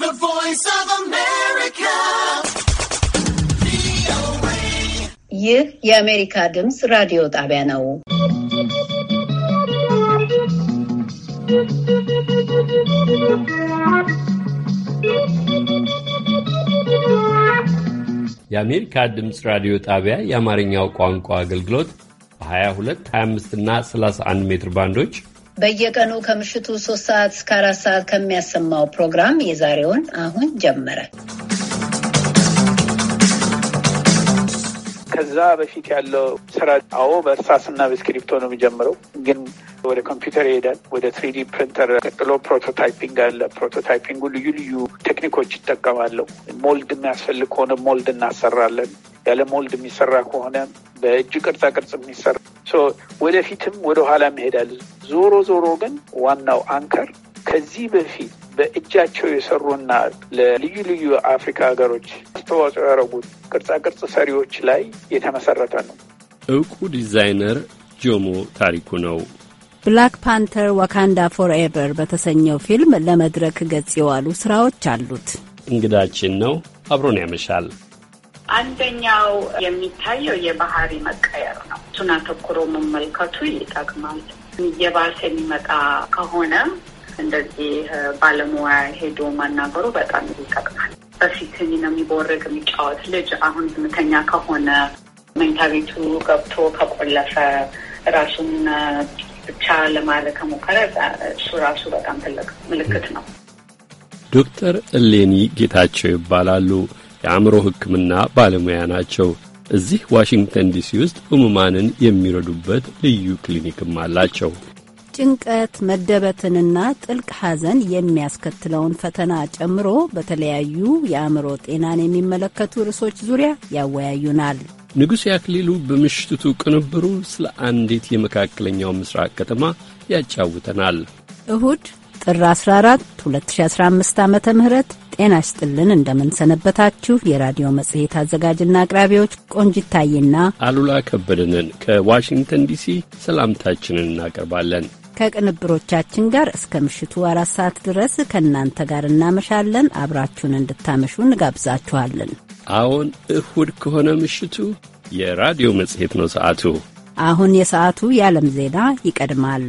The Voice of America. ይህ የአሜሪካ ድምፅ ራዲዮ ጣቢያ ነው። የአሜሪካ ድምፅ ራዲዮ ጣቢያ የአማርኛው ቋንቋ አገልግሎት በ22፣ 25 እና 31 ሜትር ባንዶች በየቀኑ ከምሽቱ ሶስት ሰዓት እስከ አራት ሰዓት ከሚያሰማው ፕሮግራም የዛሬውን አሁን ጀመረ። ከዛ በፊት ያለው ስራ አዎ በእርሳስና በስክሪፕቶ ነው የሚጀምረው፣ ግን ወደ ኮምፒውተር ይሄዳል። ወደ ትሪዲ ፕሪንተር ቀጥሎ ፕሮቶታይፒንግ አለ። ፕሮቶታይፒንጉ ልዩ ልዩ ቴክኒኮች ይጠቀማለሁ። ሞልድ የሚያስፈልግ ከሆነ ሞልድ እናሰራለን። ያለ ሞልድ የሚሰራ ከሆነ በእጅ ቅርጻ ቅርጽ የሚሰራ ወደፊትም ወደኋላ ይሄዳል። ዞሮ ዞሮ ግን ዋናው አንከር ከዚህ በፊት በእጃቸው የሰሩና ለልዩ ልዩ አፍሪካ ሀገሮች አስተዋጽኦ ያደረጉት ቅርጻቅርጽ ሰሪዎች ላይ የተመሰረተ ነው። እውቁ ዲዛይነር ጆሞ ታሪኩ ነው። ብላክ ፓንተር ዋካንዳ ፎርኤቨር በተሰኘው ፊልም ለመድረክ ገጽ የዋሉ ስራዎች አሉት። እንግዳችን ነው፣ አብሮን ያመሻል። አንደኛው የሚታየው የባህሪ መቀየር ነው። እሱን አተኩሮ መመልከቱ ይጠቅማል። እየባሰ የሚመጣ ከሆነ እንደዚህ ባለሙያ ሄዶ ማናገሩ በጣም ይጠቅማል። በፊት ነው የሚቦርቅ የሚጫወት ልጅ አሁን ዝምተኛ ከሆነ መኝታ ቤቱ ገብቶ ከቆለፈ ራሱን ብቻ ለማድረግ ከሞከረ እሱ ራሱ በጣም ትልቅ ምልክት ነው። ዶክተር እሌኒ ጌታቸው ይባላሉ። የአእምሮ ሕክምና ባለሙያ ናቸው። እዚህ ዋሽንግተን ዲሲ ውስጥ ህሙማንን የሚረዱበት ልዩ ክሊኒክም አላቸው። ጭንቀት መደበትንና ጥልቅ ሐዘን የሚያስከትለውን ፈተና ጨምሮ በተለያዩ የአእምሮ ጤናን የሚመለከቱ ርዕሶች ዙሪያ ያወያዩናል። ንጉሥ ያክሊሉ በምሽቱ ቅንብሩ ስለ አንዲት የመካከለኛው ምስራቅ ከተማ ያጫውተናል። እሁድ ጥር 14 2015 ዓ ም ጤና ይስጥልን። እንደምንሰነበታችሁ የራዲዮ መጽሔት አዘጋጅና አቅራቢዎች ቆንጂታይና አሉላ ከበደንን ከዋሽንግተን ዲሲ ሰላምታችንን እናቀርባለን። ከቅንብሮቻችን ጋር እስከ ምሽቱ አራት ሰዓት ድረስ ከእናንተ ጋር እናመሻለን። አብራችሁን እንድታመሹ እንጋብዛችኋለን። አዎን እሁድ ከሆነ ምሽቱ የራዲዮ መጽሔት ነው ሰዓቱ። አሁን የሰዓቱ የዓለም ዜና ይቀድማል።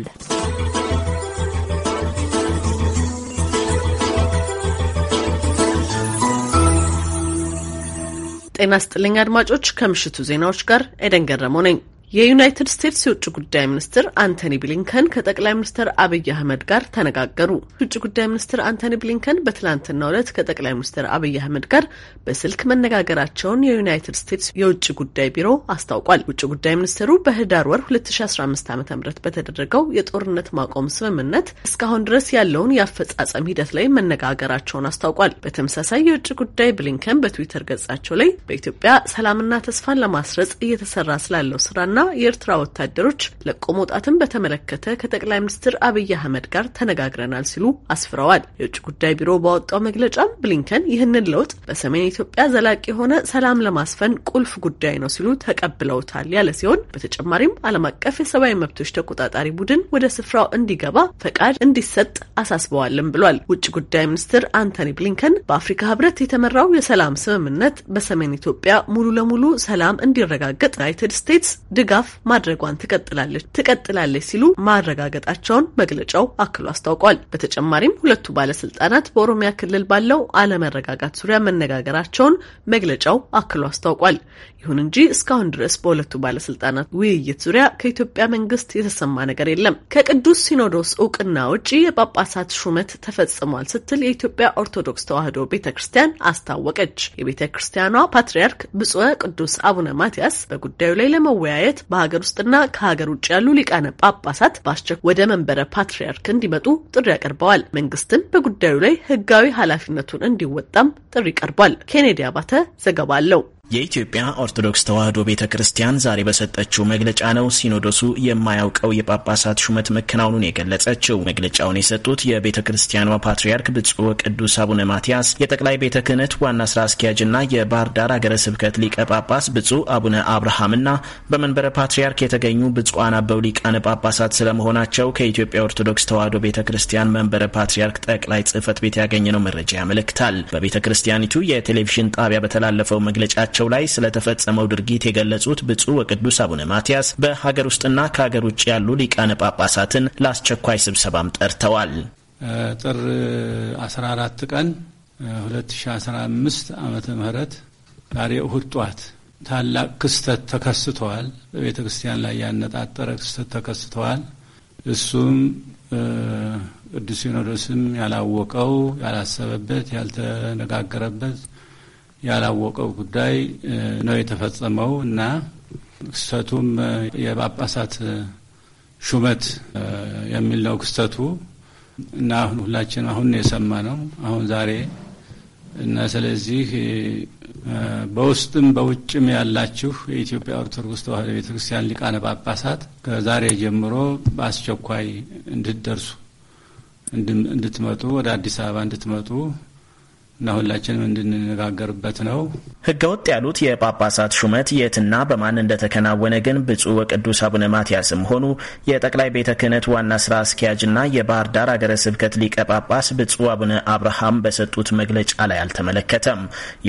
ጤና ስጥልኝ አድማጮች፣ ከምሽቱ ዜናዎች ጋር ኤደን ገረመው ነኝ። የዩናይትድ ስቴትስ የውጭ ጉዳይ ሚኒስትር አንቶኒ ብሊንከን ከጠቅላይ ሚኒስትር አብይ አህመድ ጋር ተነጋገሩ። የውጭ ጉዳይ ሚኒስትር አንቶኒ ብሊንከን በትላንትናው ዕለት ከጠቅላይ ሚኒስትር አብይ አህመድ ጋር በስልክ መነጋገራቸውን የዩናይትድ ስቴትስ የውጭ ጉዳይ ቢሮ አስታውቋል። ውጭ ጉዳይ ሚኒስትሩ በህዳር ወር 2015 ዓ ም በተደረገው የጦርነት ማቆም ስምምነት እስካሁን ድረስ ያለውን የአፈጻጸም ሂደት ላይ መነጋገራቸውን አስታውቋል። በተመሳሳይ የውጭ ጉዳይ ብሊንከን በትዊተር ገጻቸው ላይ በኢትዮጵያ ሰላምና ተስፋን ለማስረጽ እየተሰራ ስላለው ስራና እና የኤርትራ ወታደሮች ለቆ መውጣትን በተመለከተ ከጠቅላይ ሚኒስትር አብይ አህመድ ጋር ተነጋግረናል ሲሉ አስፍረዋል። የውጭ ጉዳይ ቢሮ ባወጣው መግለጫም ብሊንከን ይህንን ለውጥ በሰሜን ኢትዮጵያ ዘላቂ የሆነ ሰላም ለማስፈን ቁልፍ ጉዳይ ነው ሲሉ ተቀብለውታል ያለ ሲሆን በተጨማሪም ዓለም አቀፍ የሰብአዊ መብቶች ተቆጣጣሪ ቡድን ወደ ስፍራው እንዲገባ ፈቃድ እንዲሰጥ አሳስበዋልም ብሏል። ውጭ ጉዳይ ሚኒስትር አንቶኒ ብሊንከን በአፍሪካ ህብረት የተመራው የሰላም ስምምነት በሰሜን ኢትዮጵያ ሙሉ ለሙሉ ሰላም እንዲረጋገጥ ዩናይትድ ስቴትስ ድግ ድጋፍ ማድረጓን ትቀጥላለች ትቀጥላለች ሲሉ ማረጋገጣቸውን መግለጫው አክሎ አስታውቋል። በተጨማሪም ሁለቱ ባለስልጣናት በኦሮሚያ ክልል ባለው አለመረጋጋት ዙሪያ መነጋገራቸውን መግለጫው አክሎ አስታውቋል። ይሁን እንጂ እስካሁን ድረስ በሁለቱ ባለስልጣናት ውይይት ዙሪያ ከኢትዮጵያ መንግስት የተሰማ ነገር የለም። ከቅዱስ ሲኖዶስ እውቅና ውጪ የጳጳሳት ሹመት ተፈጽሟል ስትል የኢትዮጵያ ኦርቶዶክስ ተዋሕዶ ቤተ ክርስቲያን አስታወቀች። የቤተ ክርስቲያኗ ፓትርያርክ ብፁዕ ቅዱስ አቡነ ማትያስ በጉዳዩ ላይ ለመወያየት በማለት በሀገር ውስጥና ከሀገር ውጭ ያሉ ሊቃነ ጳጳሳት በአስቸኳይ ወደ መንበረ ፓትርያርክ እንዲመጡ ጥሪ አቅርበዋል። መንግስትም በጉዳዩ ላይ ህጋዊ ኃላፊነቱን እንዲወጣም ጥሪ ቀርቧል። ኬኔዲ አባተ ዘገባ አለው። የኢትዮጵያ ኦርቶዶክስ ተዋሕዶ ቤተ ክርስቲያን ዛሬ በሰጠችው መግለጫ ነው ሲኖዶሱ የማያውቀው የጳጳሳት ሹመት መከናወኑን የገለጸችው። መግለጫውን የሰጡት የቤተ ክርስቲያኗ ፓትርያርክ ብፁዕ ወቅዱስ አቡነ ማትያስ፣ የጠቅላይ ቤተ ክህነት ዋና ስራ አስኪያጅና የባህር ዳር አገረ ስብከት ሊቀ ጳጳስ ብፁዕ አቡነ አብርሃምና በመንበረ ፓትርያርክ የተገኙ ብፁዓን አበው ሊቃነ ጳጳሳት ስለመሆናቸው ከኢትዮጵያ ኦርቶዶክስ ተዋሕዶ ቤተ ክርስቲያን መንበረ ፓትርያርክ ጠቅላይ ጽህፈት ቤት ያገኘነው መረጃ ያመለክታል። በቤተ ክርስቲያኒቱ የቴሌቪዥን ጣቢያ በተላለፈው መግለጫቸው በሕይወታቸው ላይ ስለተፈጸመው ድርጊት የገለጹት ብፁዕ ወቅዱስ አቡነ ማትያስ በሀገር ውስጥና ከሀገር ውጭ ያሉ ሊቃነ ጳጳሳትን ለአስቸኳይ ስብሰባም ጠርተዋል። ጥር 14 ቀን 2015 ዓመተ ምህረት ዛሬ እሁድ ጧት ታላቅ ክስተት ተከስተዋል። በቤተ ክርስቲያን ላይ ያነጣጠረ ክስተት ተከስተዋል። እሱም ቅዱስ ሲኖዶስም ያላወቀው ያላሰበበት፣ ያልተነጋገረበት ያላወቀው ጉዳይ ነው የተፈጸመው እና ክስተቱም የጳጳሳት ሹመት የሚል ነው ክስተቱ እና አሁን ሁላችን አሁን የሰማ ነው አሁን ዛሬ እና ስለዚህ በውስጥም በውጭም ያላችሁ የኢትዮጵያ ኦርቶዶክስ ተዋሕዶ ቤተ ክርስቲያን ሊቃነ ጳጳሳት ከዛሬ ጀምሮ በአስቸኳይ እንድትደርሱ እንድትመጡ ወደ አዲስ አበባ እንድትመጡ እና ሁላችንም እንድንነጋገርበት ነው። ህገወጥ ያሉት የጳጳሳት ሹመት የትና በማን እንደተከናወነ ግን ብፁዕ ወቅዱስ አቡነ ማትያስም ሆኑ የጠቅላይ ቤተ ክህነት ዋና ስራ አስኪያጅና የባህር ዳር አገረ ስብከት ሊቀ ጳጳስ ብፁዕ አቡነ አብርሃም በሰጡት መግለጫ ላይ አልተመለከተም።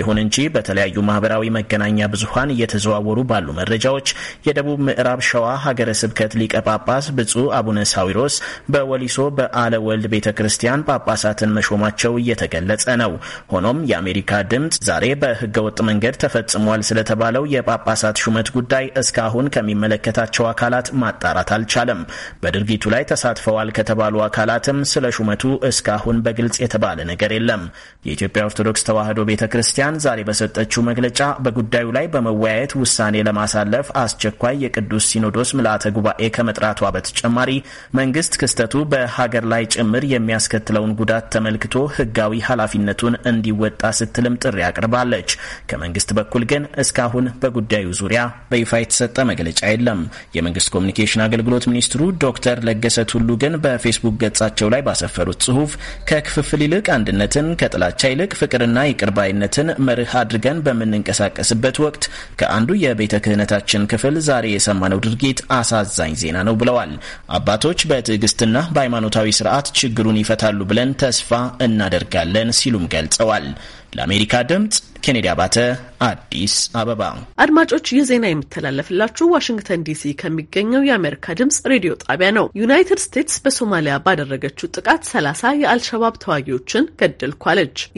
ይሁን እንጂ በተለያዩ ማህበራዊ መገናኛ ብዙሀን እየተዘዋወሩ ባሉ መረጃዎች የደቡብ ምዕራብ ሸዋ ሀገረ ስብከት ሊቀ ጳጳስ ብፁዕ አቡነ ሳዊሮስ በወሊሶ በአለወልድ ቤተ ክርስቲያን ጳጳሳትን መሾማቸው እየተገለጸ ነው። ሆኖም የአሜሪካ ድምፅ ዛሬ በህገወጥ መንገድ ተፈጽሟል ስለተባለው የጳጳሳት ሹመት ጉዳይ እስካሁን ከሚመለከታቸው አካላት ማጣራት አልቻለም። በድርጊቱ ላይ ተሳትፈዋል ከተባሉ አካላትም ስለ ሹመቱ እስካሁን በግልጽ የተባለ ነገር የለም። የኢትዮጵያ ኦርቶዶክስ ተዋህዶ ቤተ ክርስቲያን ዛሬ በሰጠችው መግለጫ በጉዳዩ ላይ በመወያየት ውሳኔ ለማሳለፍ አስቸኳይ የቅዱስ ሲኖዶስ ምልአተ ጉባኤ ከመጥራቷ በተጨማሪ መንግስት ክስተቱ በሀገር ላይ ጭምር የሚያስከትለውን ጉዳት ተመልክቶ ህጋዊ ኃላፊነቱን እንዲወጣ ስትልም ጥሪ አቅርባለች። ከመንግስት በኩል ግን እስካሁን በጉዳዩ ዙሪያ በይፋ የተሰጠ መግለጫ የለም። የመንግስት ኮሚኒኬሽን አገልግሎት ሚኒስትሩ ዶክተር ለገሰ ቱሉ ግን በፌስቡክ ገጻቸው ላይ ባሰፈሩት ጽሁፍ ከክፍፍል ይልቅ አንድነትን፣ ከጥላቻ ይልቅ ፍቅርና ይቅርባይነትን መርህ አድርገን በምንንቀሳቀስበት ወቅት ከአንዱ የቤተ ክህነታችን ክፍል ዛሬ የሰማነው ድርጊት አሳዛኝ ዜና ነው ብለዋል። አባቶች በትዕግስትና በሃይማኖታዊ ስርዓት ችግሩን ይፈታሉ ብለን ተስፋ እናደርጋለን ሲሉም ገልጸዋል። ገልጸዋል። ለአሜሪካ ድምፅ ኬኔዲ አባተ አዲስ አበባ። አድማጮች ይህ ዜና የሚተላለፍላችሁ ዋሽንግተን ዲሲ ከሚገኘው የአሜሪካ ድምጽ ሬዲዮ ጣቢያ ነው። ዩናይትድ ስቴትስ በሶማሊያ ባደረገችው ጥቃት ሰላሳ የአልሸባብ ተዋጊዎችን ገደልኩ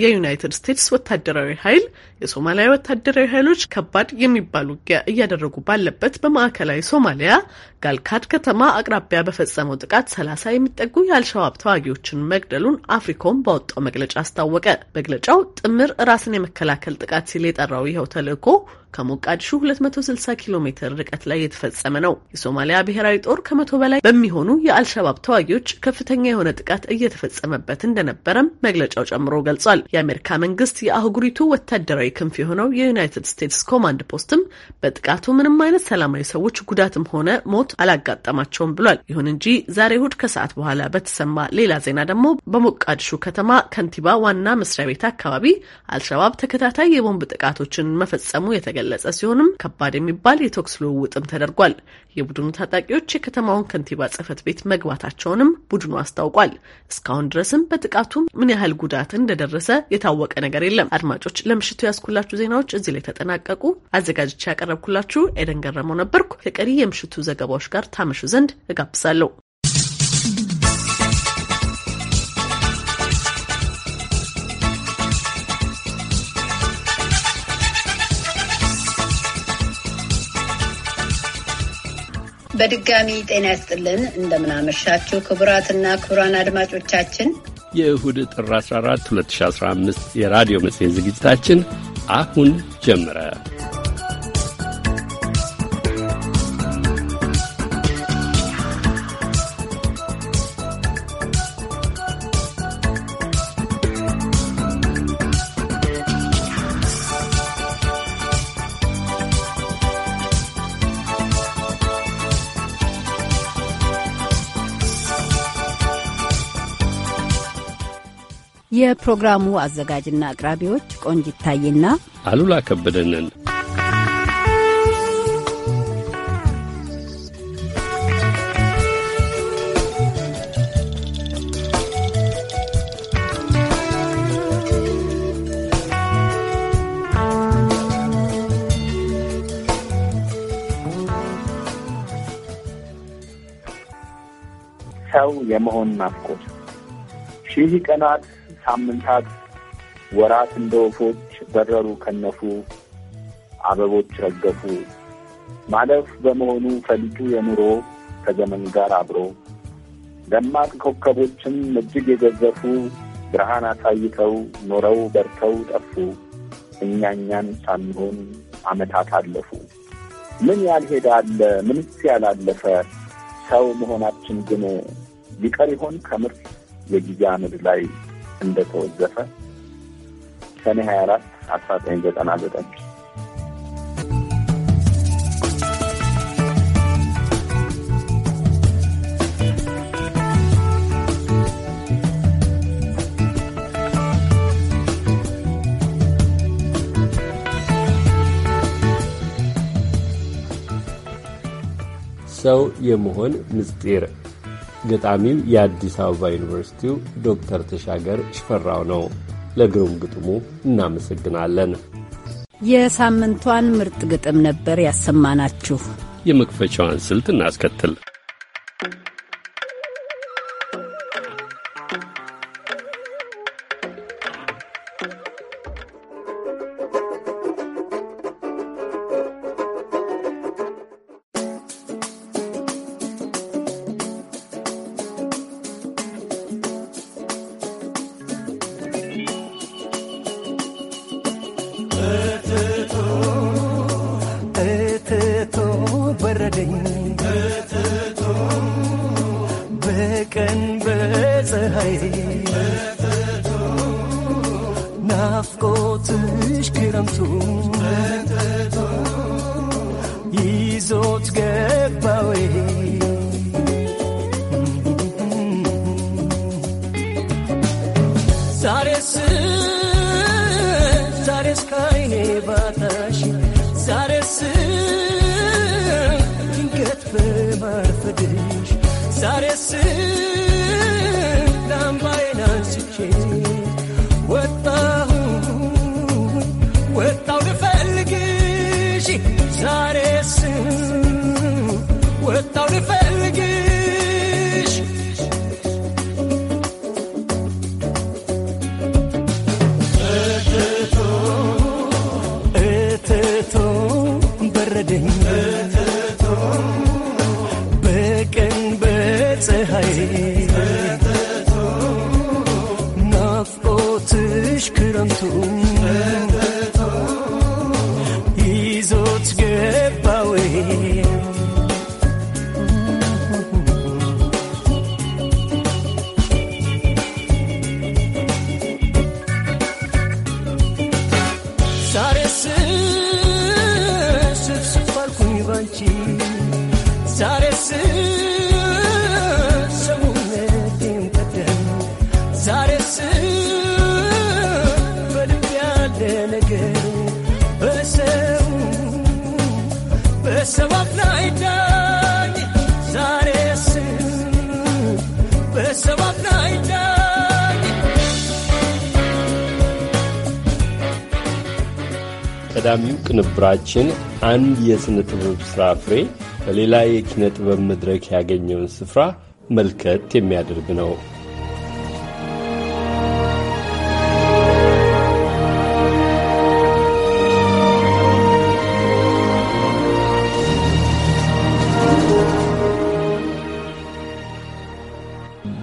የዩናይትድ ስቴትስ ወታደራዊ ኃይል የሶማሊያ ወታደራዊ ኃይሎች ከባድ የሚባል ውጊያ እያደረጉ ባለበት በማዕከላዊ ሶማሊያ ጋልካድ ከተማ አቅራቢያ በፈጸመው ጥቃት ሰላሳ የሚጠጉ የአልሸባብ ተዋጊዎችን መግደሉን አፍሪኮም ባወጣው መግለጫ አስታወቀ። መግለጫው ጥምር ራስን የመከላከል ጥቃት ሲል የጠራው ይኸው ተልእኮ ከሞቃዲሹ 260 ኪሎ ሜትር ርቀት ላይ የተፈጸመ ነው። የሶማሊያ ብሔራዊ ጦር ከመቶ በላይ በሚሆኑ የአልሸባብ ተዋጊዎች ከፍተኛ የሆነ ጥቃት እየተፈጸመበት እንደነበረም መግለጫው ጨምሮ ገልጿል። የአሜሪካ መንግስት የአህጉሪቱ ወታደራዊ ክንፍ የሆነው የዩናይትድ ስቴትስ ኮማንድ ፖስትም በጥቃቱ ምንም አይነት ሰላማዊ ሰዎች ጉዳትም ሆነ ሞት አላጋጠማቸውም ብሏል። ይሁን እንጂ ዛሬ እሁድ ከሰዓት በኋላ በተሰማ ሌላ ዜና ደግሞ በሞቃዲሹ ከተማ ከንቲባ ዋና መስሪያ ቤት አካባቢ አልሸባብ ተከታታይ የቦምብ ጥቃቶችን መፈጸሙ የተገ የገለጸ ሲሆንም ከባድ የሚባል የተኩስ ልውውጥም ተደርጓል። የቡድኑ ታጣቂዎች የከተማውን ከንቲባ ጽህፈት ቤት መግባታቸውንም ቡድኑ አስታውቋል። እስካሁን ድረስም በጥቃቱ ምን ያህል ጉዳት እንደደረሰ የታወቀ ነገር የለም። አድማጮች፣ ለምሽቱ ያስኩላችሁ ዜናዎች እዚህ ላይ ተጠናቀቁ። አዘጋጅቼ ያቀረብኩላችሁ ኤደን ገረመው ነበርኩ። ከቀሪ የምሽቱ ዘገባዎች ጋር ታመሹ ዘንድ እጋብዛለሁ። በድጋሚ ጤና ያስጥልን እንደምናመሻችሁ ክቡራትና ክቡራን አድማጮቻችን የእሁድ ጥር 14 2015 የራዲዮ መጽሔት ዝግጅታችን አሁን ጀምረ የፕሮግራሙ አዘጋጅና አቅራቢዎች ቆንጂት ታዬና አሉላ ከበደንን። ሰው የመሆን ናፍቆት ሺህ ቀናት ሳምንታት፣ ወራት እንደ ወፎች በረሩ ከነፉ፣ አበቦች ረገፉ። ማለፍ በመሆኑ ፈሊጡ የኑሮ ከዘመን ጋር አብሮ ደማቅ ኮከቦችም እጅግ የገዘፉ ብርሃን አሳይተው ኖረው በርተው ጠፉ። እኛኛን ሳንሆን ዓመታት አለፉ። ምን ያልሄደ አለ ምንስ ያላለፈ ሰው መሆናችን ግን ሊቀር ይሆን ከምርት የጊዜ አመድ ላይ እንደተወዘፈ ሰኔ 24 1999 ሰው የመሆን ምስጢር ገጣሚው የአዲስ አበባ ዩኒቨርሲቲው ዶክተር ተሻገር ሽፈራው ነው። ለግሩም ግጥሙ እናመሰግናለን። የሳምንቷን ምርጥ ግጥም ነበር ያሰማናችሁ። የመክፈቻዋን ስልት እናስከትል። ቀዳሚው ቅንብራችን አንድ የሥነ ጥበብ ሥራ ፍሬ በሌላ የኪነ ጥበብ መድረክ ያገኘውን ስፍራ መልከት የሚያደርግ ነው።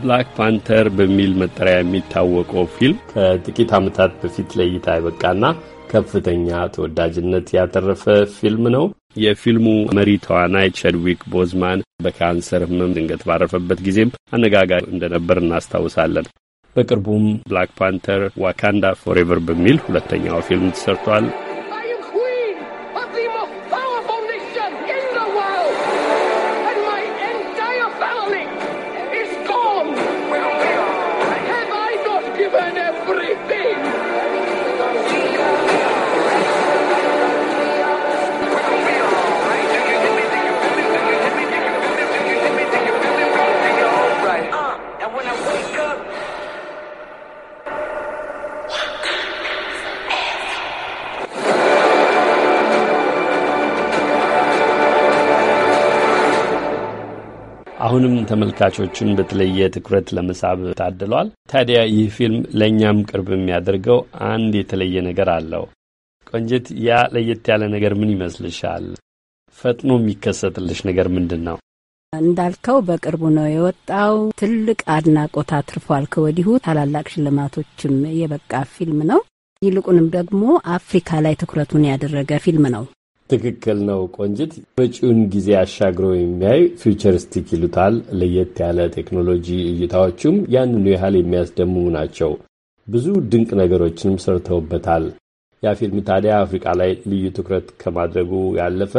ብላክ ፓንተር በሚል መጠሪያ የሚታወቀው ፊልም ከጥቂት ዓመታት በፊት ለእይታ ይበቃና ከፍተኛ ተወዳጅነት ያተረፈ ፊልም ነው። የፊልሙ መሪ ተዋናይ ቸድዊክ ቦዝማን በካንሰር ህመም ድንገት ባረፈበት ጊዜም አነጋጋሪ እንደነበር እናስታውሳለን። በቅርቡም ብላክ ፓንተር ዋካንዳ ፎሬቨር በሚል ሁለተኛው ፊልም ተሰርቷል። አሁንም ተመልካቾቹን በተለየ ትኩረት ለመሳብ ታድሏል። ታዲያ ይህ ፊልም ለእኛም ቅርብ የሚያደርገው አንድ የተለየ ነገር አለው። ቆንጅት፣ ያ ለየት ያለ ነገር ምን ይመስልሻል? ፈጥኖ የሚከሰትልሽ ነገር ምንድን ነው? እንዳልከው በቅርቡ ነው የወጣው። ትልቅ አድናቆት አትርፏል። ከወዲሁ ታላላቅ ሽልማቶችም የበቃ ፊልም ነው። ይልቁንም ደግሞ አፍሪካ ላይ ትኩረቱን ያደረገ ፊልም ነው። ትክክል ነው ቆንጅት። መጪውን ጊዜ አሻግሮ የሚያይ ፊውቸሪስቲክ ይሉታል። ለየት ያለ ቴክኖሎጂ እይታዎቹም ያንኑ ያህል የሚያስደምሙ ናቸው። ብዙ ድንቅ ነገሮችንም ሰርተውበታል። ያ ፊልም ታዲያ አፍሪቃ ላይ ልዩ ትኩረት ከማድረጉ ያለፈ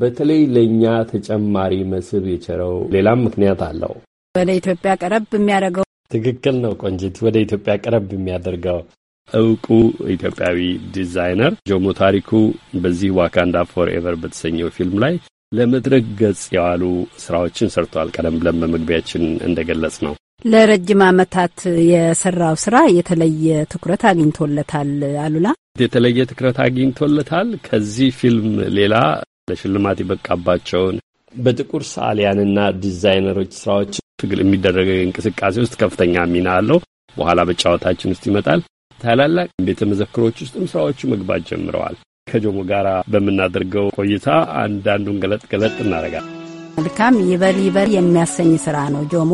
በተለይ ለእኛ ተጨማሪ መስህብ የቸረው ሌላም ምክንያት አለው። ወደ ኢትዮጵያ ቀረብ የሚያደርገው ትክክል ነው ቆንጅት፣ ወደ ኢትዮጵያ ቀረብ የሚያደርገው እውቁ ኢትዮጵያዊ ዲዛይነር ጆሞ ታሪኩ በዚህ ዋካንዳ ፎር ኤቨር በተሰኘው ፊልም ላይ ለመድረክ ገጽ የዋሉ ስራዎችን ሰርቷል። ቀደም ብለን በመግቢያችን እንደገለጽ ነው ለረጅም ዓመታት የሰራው ስራ የተለየ ትኩረት አግኝቶለታል። አሉላ የተለየ ትኩረት አግኝቶለታል። ከዚህ ፊልም ሌላ ለሽልማት የበቃባቸውን በጥቁር ሰዓሊያንና ዲዛይነሮች ስራዎች ትግል የሚደረገ እንቅስቃሴ ውስጥ ከፍተኛ ሚና አለው። በኋላ በጨዋታችን ውስጥ ይመጣል። ታላላቅ ቤተ መዘክሮች ውስጥም ስራዎቹ መግባት ጀምረዋል። ከጆሞ ጋር በምናደርገው ቆይታ አንዳንዱን ገለጥ ገለጥ እናደርጋል። መልካም ይበል ይበል የሚያሰኝ ስራ ነው ጆሞ።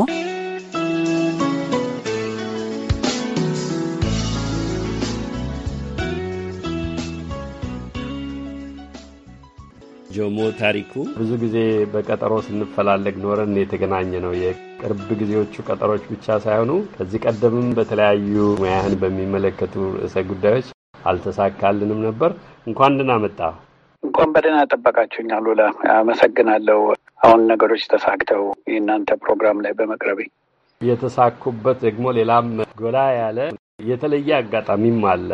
ጆሞ ታሪኩ ብዙ ጊዜ በቀጠሮ ስንፈላለግ ኖረን የተገናኘ ነው። የቅርብ ጊዜዎቹ ቀጠሮች ብቻ ሳይሆኑ ከዚህ ቀደምም በተለያዩ ሙያህን በሚመለከቱ ርዕሰ ጉዳዮች አልተሳካልንም ነበር። እንኳን ደህና መጣ። እንኳን በደህና ጠበቃችሁኝ። አሉላ አመሰግናለሁ። አሁን ነገሮች ተሳክተው የእናንተ ፕሮግራም ላይ በመቅረቤ የተሳኩበት ደግሞ ሌላም ጎላ ያለ የተለየ አጋጣሚም አለ።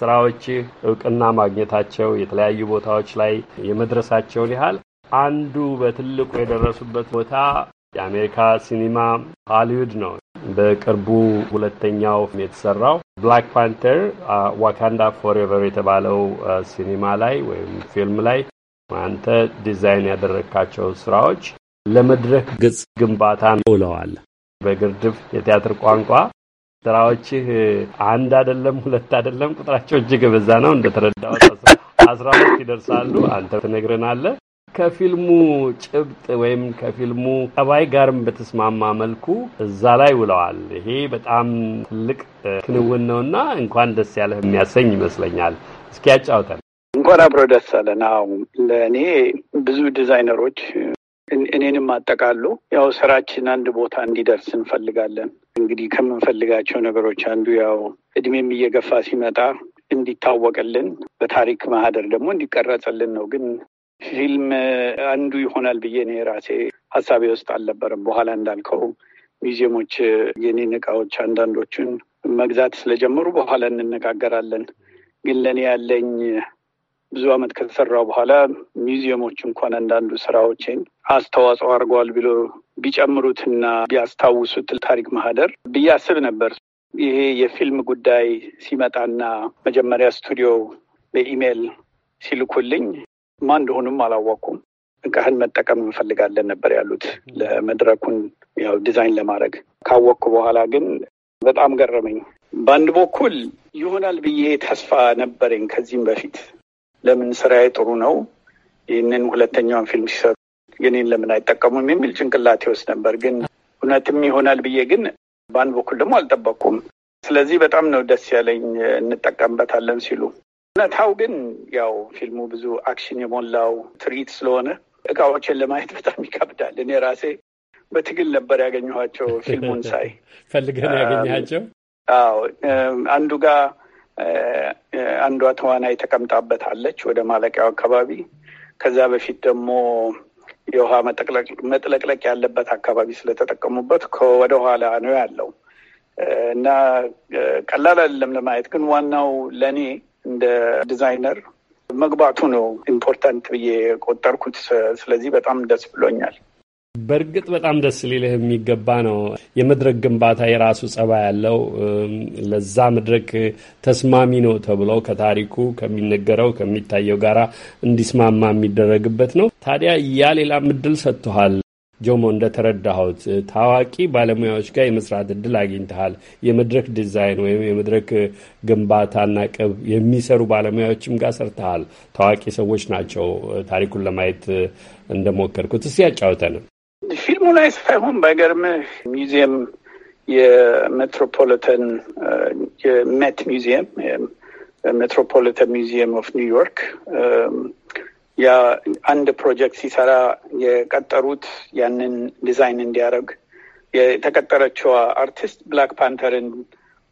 ስራዎች እውቅና ማግኘታቸው የተለያዩ ቦታዎች ላይ የመድረሳቸውን ያህል አንዱ በትልቁ የደረሱበት ቦታ የአሜሪካ ሲኒማ ሆሊውድ ነው። በቅርቡ ሁለተኛው የተሰራው ብላክ ፓንተር ዋካንዳ ፎሬቨር የተባለው ሲኒማ ላይ ወይም ፊልም ላይ አንተ ዲዛይን ያደረግካቸው ስራዎች ለመድረክ ገጽ ግንባታ ውለዋል። በግርድፍ የቲያትር ቋንቋ ስራዎችህ አንድ አይደለም፣ ሁለት አይደለም፣ ቁጥራቸው እጅግ የበዛ ነው። እንደተረዳሁት አስራ ሁለት ይደርሳሉ። አንተ ትነግረናለህ። ከፊልሙ ጭብጥ ወይም ከፊልሙ ጠባይ ጋርም በተስማማ መልኩ እዛ ላይ ውለዋል። ይሄ በጣም ትልቅ ክንውን ነውና እንኳን ደስ ያለህ የሚያሰኝ ይመስለኛል። እስኪ ያጫውተን። እንኳን አብሮ ደስ አለን። አዎ ለእኔ ብዙ ዲዛይነሮች እኔንም አጠቃሉ ያው ስራችን አንድ ቦታ እንዲደርስ እንፈልጋለን። እንግዲህ ከምንፈልጋቸው ነገሮች አንዱ ያው እድሜም እየገፋ ሲመጣ እንዲታወቅልን በታሪክ ማህደር ደግሞ እንዲቀረጽልን ነው። ግን ፊልም አንዱ ይሆናል ብዬ እኔ ራሴ ሀሳቤ ውስጥ አልነበረም። በኋላ እንዳልከው ሚዚየሞች የኔን እቃዎች አንዳንዶቹን መግዛት ስለጀመሩ በኋላ እንነጋገራለን። ግን ለእኔ ያለኝ ብዙ ዓመት ከተሰራው በኋላ ሚዚየሞች እንኳን አንዳንዱ ስራዎችን አስተዋጽኦ አድርገዋል ብሎ ቢጨምሩትና ቢያስታውሱት ታሪክ ማህደር ብዬ አስብ ነበር። ይሄ የፊልም ጉዳይ ሲመጣና መጀመሪያ ስቱዲዮ በኢሜይል ሲልኩልኝ ማን እንደሆኑም አላወቅኩም። እቃህን መጠቀም እንፈልጋለን ነበር ያሉት ለመድረኩን ያው ዲዛይን ለማድረግ ካወቅኩ በኋላ ግን በጣም ገረመኝ። በአንድ በኩል ይሆናል ብዬ ተስፋ ነበረኝ ከዚህም በፊት ለምን ስራዬ ጥሩ ነው፣ ይህንን ሁለተኛውን ፊልም ሲሰሩ የኔን ለምን አይጠቀሙም የሚል ጭንቅላቴ ውስጥ ነበር። ግን እውነትም ይሆናል ብዬ ግን በአንድ በኩል ደግሞ አልጠበቅኩም። ስለዚህ በጣም ነው ደስ ያለኝ። እንጠቀምበታለን ሲሉ ነታው ግን ያው ፊልሙ ብዙ አክሽን የሞላው ትርኢት ስለሆነ እቃዎችን ለማየት በጣም ይከብዳል። እኔ ራሴ በትግል ነበር ያገኘኋቸው። ፊልሙን ሳይ ፈልገን ያገኘቸው። አዎ አንዱ ጋር አንዷ ተዋናይ ተቀምጣበታለች ወደ ማለቂያው አካባቢ። ከዛ በፊት ደግሞ የውሃ መጥለቅለቅ ያለበት አካባቢ ስለተጠቀሙበት ከወደ ኋላ ነው ያለው እና ቀላል አይደለም ለማየት። ግን ዋናው ለእኔ እንደ ዲዛይነር መግባቱ ነው ኢምፖርታንት ብዬ የቆጠርኩት። ስለዚህ በጣም ደስ ብሎኛል። በእርግጥ በጣም ደስ ሊልህ የሚገባ ነው። የመድረክ ግንባታ የራሱ ጸባይ ያለው ለዛ መድረክ ተስማሚ ነው ተብሎ ከታሪኩ ከሚነገረው ከሚታየው ጋራ እንዲስማማ የሚደረግበት ነው። ታዲያ ያ ሌላ ምድል ሰጥቷል። ጆሞ እንደተረዳሁት ታዋቂ ባለሙያዎች ጋር የመስራት እድል አግኝተሃል። የመድረክ ዲዛይን ወይም የመድረክ ግንባታና ቅብ የሚሰሩ ባለሙያዎችም ጋር ሰርተሃል። ታዋቂ ሰዎች ናቸው። ታሪኩን ለማየት እንደሞከርኩት እስኪ ያጫውተንም። ፊልሙ ላይ ሳይሆን ባይገርምህ ሚዚየም የሜትሮፖሊተን የሜት ሚዚየም ሜትሮፖሊተን ሚዚየም ኦፍ ኒውዮርክ ያ አንድ ፕሮጀክት ሲሰራ የቀጠሩት ያንን ዲዛይን እንዲያደርግ የተቀጠረችዋ አርቲስት ብላክ ፓንተርን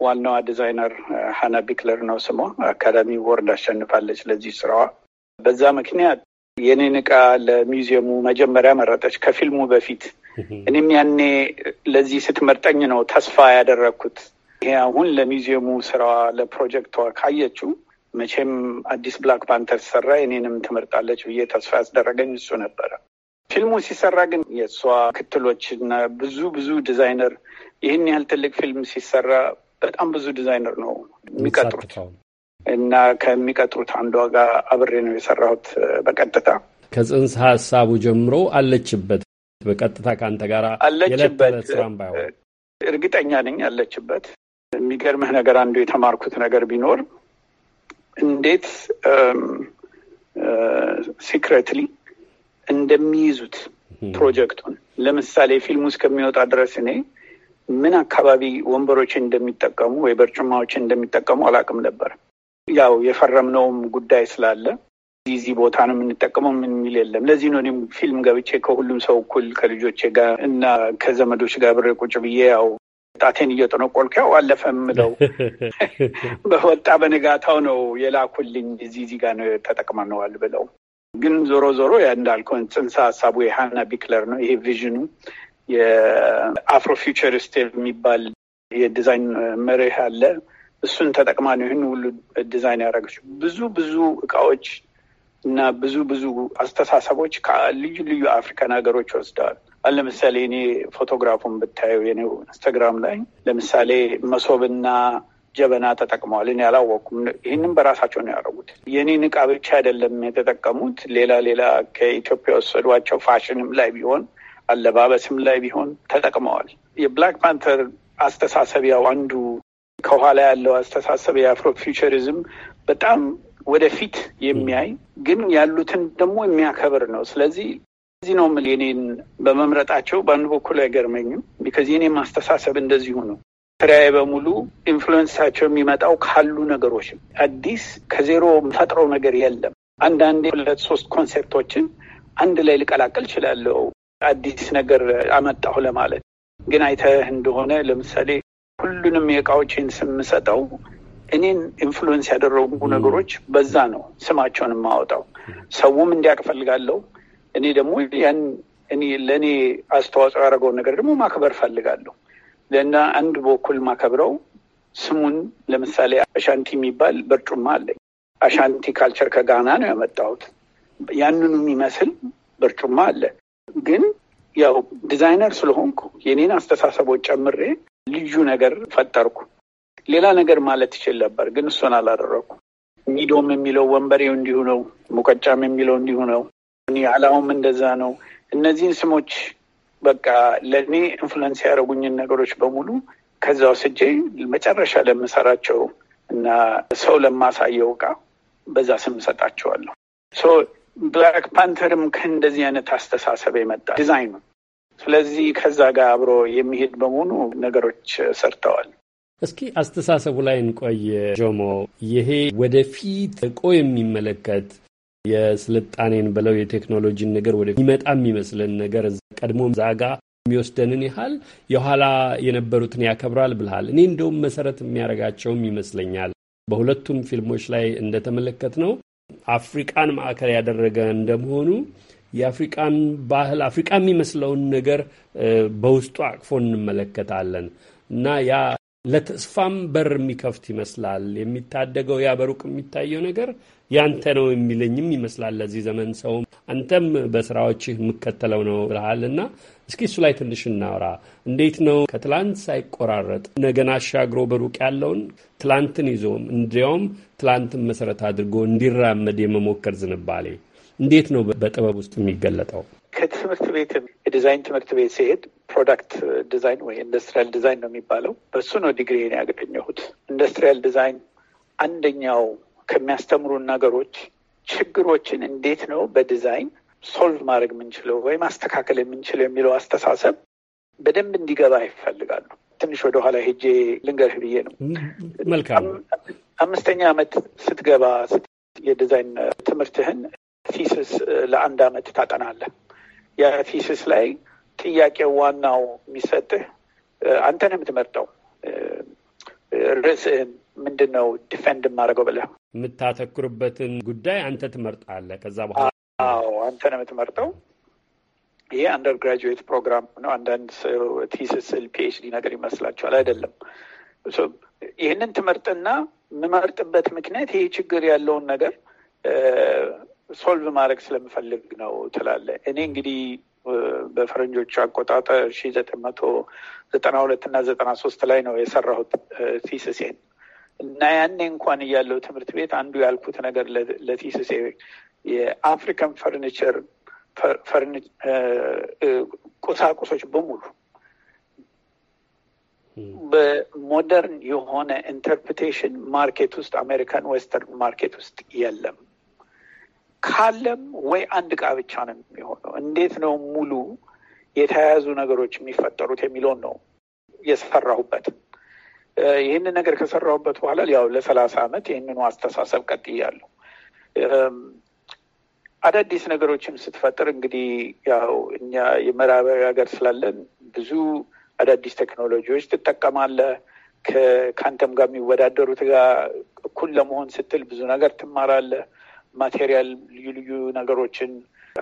ዋናዋ ዲዛይነር ሀና ቢክለር ነው ስሟ። አካዳሚ ወርድ አሸንፋለች ለዚህ ስራዋ። በዛ ምክንያት የኔን እቃ ለሚውዚየሙ መጀመሪያ መረጠች ከፊልሙ በፊት። እኔም ያኔ ለዚህ ስትመርጠኝ ነው ተስፋ ያደረግኩት። ይሄ አሁን ለሚውዚየሙ ስራዋ ለፕሮጀክቷ ካየችው መቼም አዲስ ብላክ ፓንተር ሰራ የኔንም ትመርጣለች ብዬ ተስፋ ያስደረገኝ እሱ ነበረ። ፊልሙ ሲሰራ ግን የእሷ ክትሎች እና ብዙ ብዙ ዲዛይነር ይህን ያህል ትልቅ ፊልም ሲሰራ በጣም ብዙ ዲዛይነር ነው የሚቀጥሩት እና ከሚቀጥሩት አንዷ ጋር አብሬ ነው የሰራሁት። በቀጥታ ከጽንሰ ሀሳቡ ጀምሮ አለችበት። በቀጥታ ከአንተ ጋር አለችበት። እርግጠኛ ነኝ አለችበት። የሚገርምህ ነገር አንዱ የተማርኩት ነገር ቢኖር እንዴት ሲክሬትሊ እንደሚይዙት ፕሮጀክቱን ለምሳሌ ፊልሙ እስከሚወጣ ድረስ እኔ ምን አካባቢ ወንበሮች እንደሚጠቀሙ ወይ በርጩማዎች እንደሚጠቀሙ አላቅም ነበር። ያው የፈረምነውም ጉዳይ ስላለ እዚህ ቦታ ነው የምንጠቀመው ምን የሚል የለም። ለዚህ ነው እኔም ፊልም ገብቼ ከሁሉም ሰው እኩል ከልጆቼ ጋር እና ከዘመዶች ጋር ብሬ ቁጭ ብዬ ያው ጣቴን እየጠነቆልኩ ያው አለፈ ምለው በወጣ በንጋታው ነው የላኩልኝ እዚህ እዚህ ጋር ነው ተጠቅመነዋል ብለው ግን ዞሮ ዞሮ እንዳልከውን ጽንሰ ሀሳቡ የሃና ቢክለር ነው። ይሄ ቪዥኑ የአፍሮ ፊውቸሪስት የሚባል የዲዛይን መርህ አለ። እሱን ተጠቅማ ነው ይህን ሁሉ ዲዛይን ያደረገችው። ብዙ ብዙ እቃዎች እና ብዙ ብዙ አስተሳሰቦች ከልዩ ልዩ አፍሪካን ሀገሮች ወስደዋል። ለምሳሌ እኔ ፎቶግራፉን ብታየው የኔው ኢንስታግራም ላይ ለምሳሌ መሶብና ጀበና ተጠቅመዋል። እኔ አላወኩም። ይህንም በራሳቸው ነው ያደረጉት። የኔን እቃ ብቻ አይደለም የተጠቀሙት። ሌላ ሌላ ከኢትዮጵያ ወሰዷቸው ፋሽንም ላይ ቢሆን አለባበስም ላይ ቢሆን ተጠቅመዋል። የብላክ ፓንተር አስተሳሰቢያው አንዱ ከኋላ ያለው አስተሳሰብ የአፍሮ ፊውቸሪዝም በጣም ወደፊት የሚያይ ግን ያሉትን ደግሞ የሚያከብር ነው። ስለዚህ እዚህ ነው የምልህ የኔን በመምረጣቸው በአንድ በኩል አይገርመኝም። ቢከዚ የኔ ማስተሳሰብ እንደዚሁ ነው። ስራዬ በሙሉ ኢንፍሉዌንሳቸው የሚመጣው ካሉ ነገሮች አዲስ ከዜሮ ፈጥረው ነገር የለም። አንዳንዴ ሁለት ሶስት ኮንሴፕቶችን አንድ ላይ ልቀላቀል እችላለሁ አዲስ ነገር አመጣሁ ለማለት ግን አይተህ እንደሆነ ለምሳሌ ሁሉንም የእቃዎችን ስምሰጠው እኔን ኢንፍሉዌንስ ያደረጉ ነገሮች በዛ ነው ስማቸውን የማወጣው። ሰውም እንዲያውቅ እፈልጋለሁ። እኔ ደግሞ ያን እኔ ለእኔ አስተዋጽኦ ያደረገውን ነገር ደግሞ ማክበር እፈልጋለሁ። ለእና አንድ በኩል ማከብረው ስሙን ለምሳሌ አሻንቲ የሚባል በርጩማ አለኝ። አሻንቲ ካልቸር ከጋና ነው ያመጣሁት። ያንኑ የሚመስል በርጩማ አለ። ግን ያው ዲዛይነር ስለሆንኩ የኔን አስተሳሰቦች ጨምሬ ልዩ ነገር ፈጠርኩ። ሌላ ነገር ማለት ይችል ነበር፣ ግን እሱን አላደረግኩ። ሚዶም የሚለው ወንበሬው እንዲሁ ነው። ሙቀጫም የሚለው እንዲሁ ነው። ያላውም እንደዛ ነው። እነዚህን ስሞች በቃ ለእኔ ኢንፍሉዌንስ ያደረጉኝን ነገሮች በሙሉ ከዛ ወስጄ መጨረሻ ለምሰራቸው እና ሰው ለማሳየው እቃ በዛ ስም ሰጣቸዋለሁ። ብላክ ፓንተርም ከእንደዚህ አይነት አስተሳሰብ የመጣ ዲዛይኑ። ስለዚህ ከዛ ጋር አብሮ የሚሄድ በመሆኑ ነገሮች ሰርተዋል። እስኪ አስተሳሰቡ ላይ እንቆይ ጆሞ። ይሄ ወደፊት እቆ የሚመለከት የስልጣኔን ብለው የቴክኖሎጂን ነገር ወደ ሚመጣ የሚመስልን ነገር ቀድሞ ዛጋ የሚወስደንን ያህል የኋላ የነበሩትን ያከብራል ብልሃል። እኔ እንደውም መሰረት የሚያደርጋቸውም ይመስለኛል። በሁለቱም ፊልሞች ላይ እንደተመለከት ነው አፍሪቃን ማዕከል ያደረገ እንደመሆኑ የአፍሪቃን ባህል አፍሪቃ የሚመስለውን ነገር በውስጡ አቅፎ እንመለከታለን እና ያ ለተስፋም በር የሚከፍት ይመስላል። የሚታደገው ያ በሩቅ የሚታየው ነገር ያንተ ነው የሚለኝም ይመስላል። ለዚህ ዘመን ሰው አንተም በስራዎችህ የምከተለው ነው ብልሃል እና እስኪ እሱ ላይ ትንሽ እናውራ። እንዴት ነው ከትላንት ሳይቆራረጥ ነገን አሻግሮ በሩቅ ያለውን ትላንትን ይዞም እንዲያውም ትላንትን መሰረት አድርጎ እንዲራመድ የመሞከር ዝንባሌ እንዴት ነው በጥበብ ውስጥ የሚገለጠው? ከትምህርት ቤትም የዲዛይን ትምህርት ቤት ሲሄድ ፕሮዳክት ዲዛይን ወይ ኢንዱስትሪያል ዲዛይን ነው የሚባለው። በሱ ነው ዲግሪ ያገኘሁት። ኢንዱስትሪያል ዲዛይን አንደኛው ከሚያስተምሩን ነገሮች ችግሮችን እንዴት ነው በዲዛይን ሶልቭ ማድረግ የምንችለው ወይ ማስተካከል የምንችለው የሚለው አስተሳሰብ በደንብ እንዲገባ ይፈልጋሉ። ትንሽ ወደኋላ ሄጄ ልንገርህ ብዬ ነው። መልካም አምስተኛ ዓመት ስትገባ የዲዛይን ትምህርትህን ቲስስ ለአንድ ዓመት ታጠናለህ። የፊሽስ ላይ ጥያቄ ዋናው የሚሰጥህ ነው የምትመርጠው ርዕስህን ምንድን ነው ዲፌንድ የማደርገው ብለህ የምታተኩርበትን ጉዳይ አንተ ትመርጣለህ። ከዛ በኋላ አዎ አንተ ነው የምትመርጠው። ይሄ አንደር ግራጁዌት ፕሮግራም ነው። አንዳንድ ቲስስል ፒኤችዲ ነገር ይመስላችኋል፣ አይደለም። ይህንን ትምህርትና የምመርጥበት ምክንያት ይሄ ችግር ያለውን ነገር ሶልቭ ማድረግ ስለምፈልግ ነው ትላለ። እኔ እንግዲህ በፈረንጆቹ አቆጣጠር ሺ ዘጠኝ መቶ ዘጠና ሁለት እና ዘጠና ሶስት ላይ ነው የሰራሁት ቲስሴን እና ያኔ እንኳን እያለው ትምህርት ቤት አንዱ ያልኩት ነገር ለቲስሴ የአፍሪካን ፈርኒቸር ቁሳቁሶች በሙሉ በሞደርን የሆነ ኢንተርፕሬቴሽን ማርኬት ውስጥ አሜሪካን ዌስተርን ማርኬት ውስጥ የለም። ካለም ወይ አንድ እቃ ብቻ ነው የሚሆነው። እንዴት ነው ሙሉ የተያያዙ ነገሮች የሚፈጠሩት የሚለውን ነው የሰራሁበት። ይህንን ነገር ከሰራሁበት በኋላ ያው ለሰላሳ ዓመት ይህንኑ አስተሳሰብ ቀጥያለሁ። አዳዲስ ነገሮችን ስትፈጥር እንግዲህ ያው እኛ የምዕራባዊ ሀገር ስላለን ብዙ አዳዲስ ቴክኖሎጂዎች ትጠቀማለህ። ከአንተም ጋር የሚወዳደሩት ጋር እኩል ለመሆን ስትል ብዙ ነገር ትማራለህ። ማቴሪያል ልዩ ልዩ ነገሮችን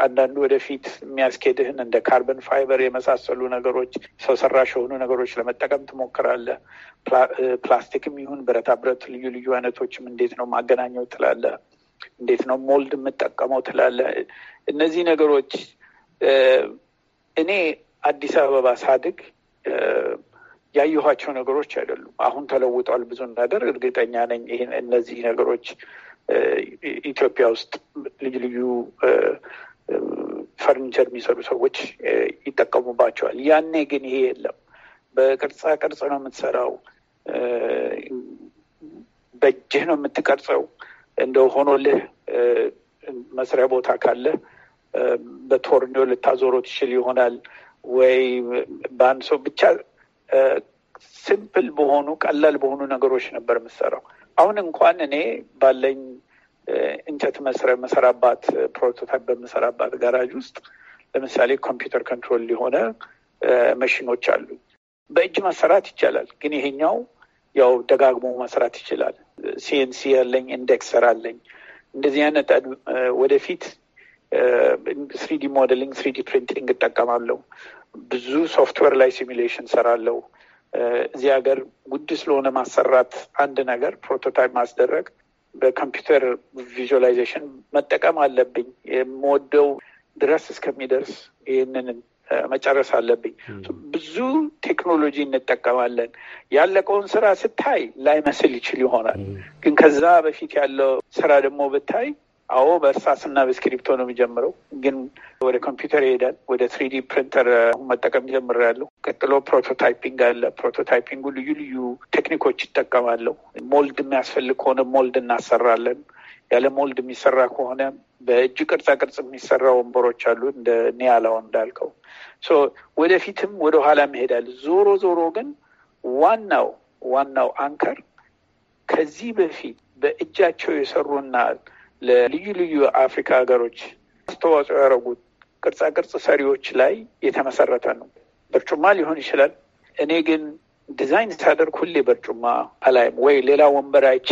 አንዳንዱ ወደፊት የሚያስኬድህን እንደ ካርበን ፋይበር የመሳሰሉ ነገሮች ሰው ሰራሽ የሆኑ ነገሮች ለመጠቀም ትሞክራለህ። ፕላስቲክም ይሁን ብረታ ብረት ልዩ ልዩ አይነቶችም እንዴት ነው ማገናኘው ትላለህ። እንዴት ነው ሞልድ የምጠቀመው ትላለህ። እነዚህ ነገሮች እኔ አዲስ አበባ ሳድግ ያየኋቸው ነገሮች አይደሉም። አሁን ተለውጧል ብዙ ነገር እርግጠኛ ነኝ። ይህን እነዚህ ነገሮች ኢትዮጵያ ውስጥ ልዩ ልዩ ፈርኒቸር የሚሰሩ ሰዎች ይጠቀሙባቸዋል። ያኔ ግን ይሄ የለም። በቅርጻ ቅርጽ ነው የምትሰራው፣ በእጅህ ነው የምትቀርጸው። እንደው ሆኖልህ መስሪያ ቦታ ካለ በቶርኒዮ ልታዞሮ ትችል ይሆናል ወይ በአንድ ሰው ብቻ ሲምፕል በሆኑ ቀላል በሆኑ ነገሮች ነበር የምትሰራው። አሁን እንኳን እኔ ባለኝ እንጨት መሰራባት ፕሮቶታይፕ በምሰራባት ጋራጅ ውስጥ ለምሳሌ ኮምፒውተር ኮንትሮል የሆነ መሽኖች አሉ። በእጅ ማሰራት ይቻላል፣ ግን ይሄኛው ያው ደጋግሞ ማሰራት ይችላል። ሲኤንሲ ያለኝ ኢንደክሰር አለኝ። እንደዚህ አይነት ወደፊት ስሪዲ ሞዴሊንግ፣ ስሪዲ ፕሪንቲንግ እጠቀማለሁ። ብዙ ሶፍትዌር ላይ ሲሚሌሽን ሰራለሁ። እዚህ ሀገር ውድ ስለሆነ ማሰራት አንድ ነገር ፕሮቶታይፕ ማስደረግ በኮምፒውተር ቪዥዋላይዜሽን መጠቀም አለብኝ የምወደው ድረስ እስከሚደርስ ይህንን መጨረስ አለብኝ። ብዙ ቴክኖሎጂ እንጠቀማለን። ያለቀውን ስራ ስታይ ላይመስል ይችል ይሆናል፣ ግን ከዛ በፊት ያለው ስራ ደግሞ ብታይ አዎ በእርሳስና በስክሪፕቶ ነው የሚጀምረው፣ ግን ወደ ኮምፒውተር ይሄዳል። ወደ ትሪዲ ፕሪንተር uh, መጠቀም ጀምሬያለሁ። ቀጥሎ ፕሮቶታይፒንግ አለ። ፕሮቶታይፒንጉ ልዩ ልዩ ቴክኒኮች ይጠቀማለሁ። ሞልድ የሚያስፈልግ ከሆነ ሞልድ እናሰራለን። ያለ ሞልድ የሚሰራ ከሆነ በእጅ ቅርጻ ቅርጽ የሚሰራ ወንበሮች አሉ። እንደ ኒያላው እንዳልከው ወደፊትም ወደ ኋላ ይሄዳል። ዞሮ ዞሮ ግን ዋናው ዋናው አንከር ከዚህ በፊት በእጃቸው የሰሩና ለልዩ ልዩ አፍሪካ ሀገሮች አስተዋጽኦ ያደረጉት ቅርጻ ቅርጽ ሰሪዎች ላይ የተመሰረተ ነው። በርጩማ ሊሆን ይችላል። እኔ ግን ዲዛይን ሳደርግ ሁሌ በርጩማ አላይም፣ ወይ ሌላ ወንበር አይቼ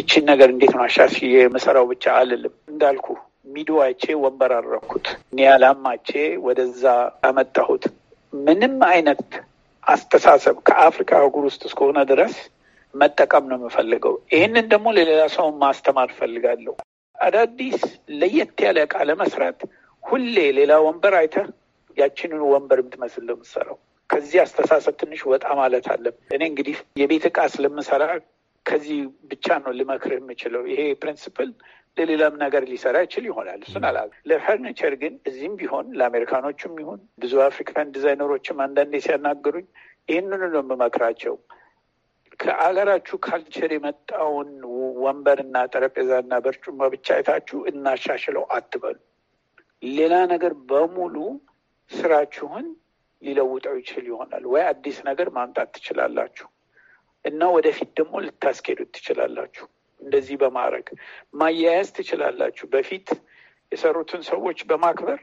እቺን ነገር እንዴት ነው አሻሽዬ የምሰራው ብቻ አልልም። እንዳልኩ ሚዶ አይቼ ወንበር አረኩት፣ ኒያላም አይቼ ወደዛ አመጣሁት። ምንም አይነት አስተሳሰብ ከአፍሪካ አህጉር ውስጥ እስከሆነ ድረስ መጠቀም ነው የምፈልገው። ይህንን ደግሞ ለሌላ ሰው ማስተማር ፈልጋለሁ። አዳዲስ ለየት ያለ እቃ ለመስራት ሁሌ ሌላ ወንበር አይተህ ያችንን ወንበር የምትመስል ነው የምትሰራው። ከዚህ አስተሳሰብ ትንሽ ወጣ ማለት አለ እኔ እንግዲህ የቤት እቃ ስለምሰራ ከዚህ ብቻ ነው ልመክርህ የምችለው። ይሄ ፕሪንስፕል ለሌላም ነገር ሊሰራ ይችል ይሆናል፣ እሱን አላ ለፈርኒቸር ግን እዚህም ቢሆን ለአሜሪካኖችም ይሁን ብዙ አፍሪካን ዲዛይነሮችም አንዳንዴ ሲያናግሩኝ ይህንኑ ነው የምመክራቸው። ከአገራችሁ ካልቸር የመጣውን ወንበርና ጠረጴዛና በርጩማ ብቻ አይታችሁ እናሻሽለው አትበሉ። ሌላ ነገር በሙሉ ስራችሁን ሊለውጠው ይችል ይሆናል ወይ አዲስ ነገር ማምጣት ትችላላችሁ እና ወደፊት ደግሞ ልታስኬዱት ትችላላችሁ። እንደዚህ በማድረግ ማያያዝ ትችላላችሁ። በፊት የሰሩትን ሰዎች በማክበር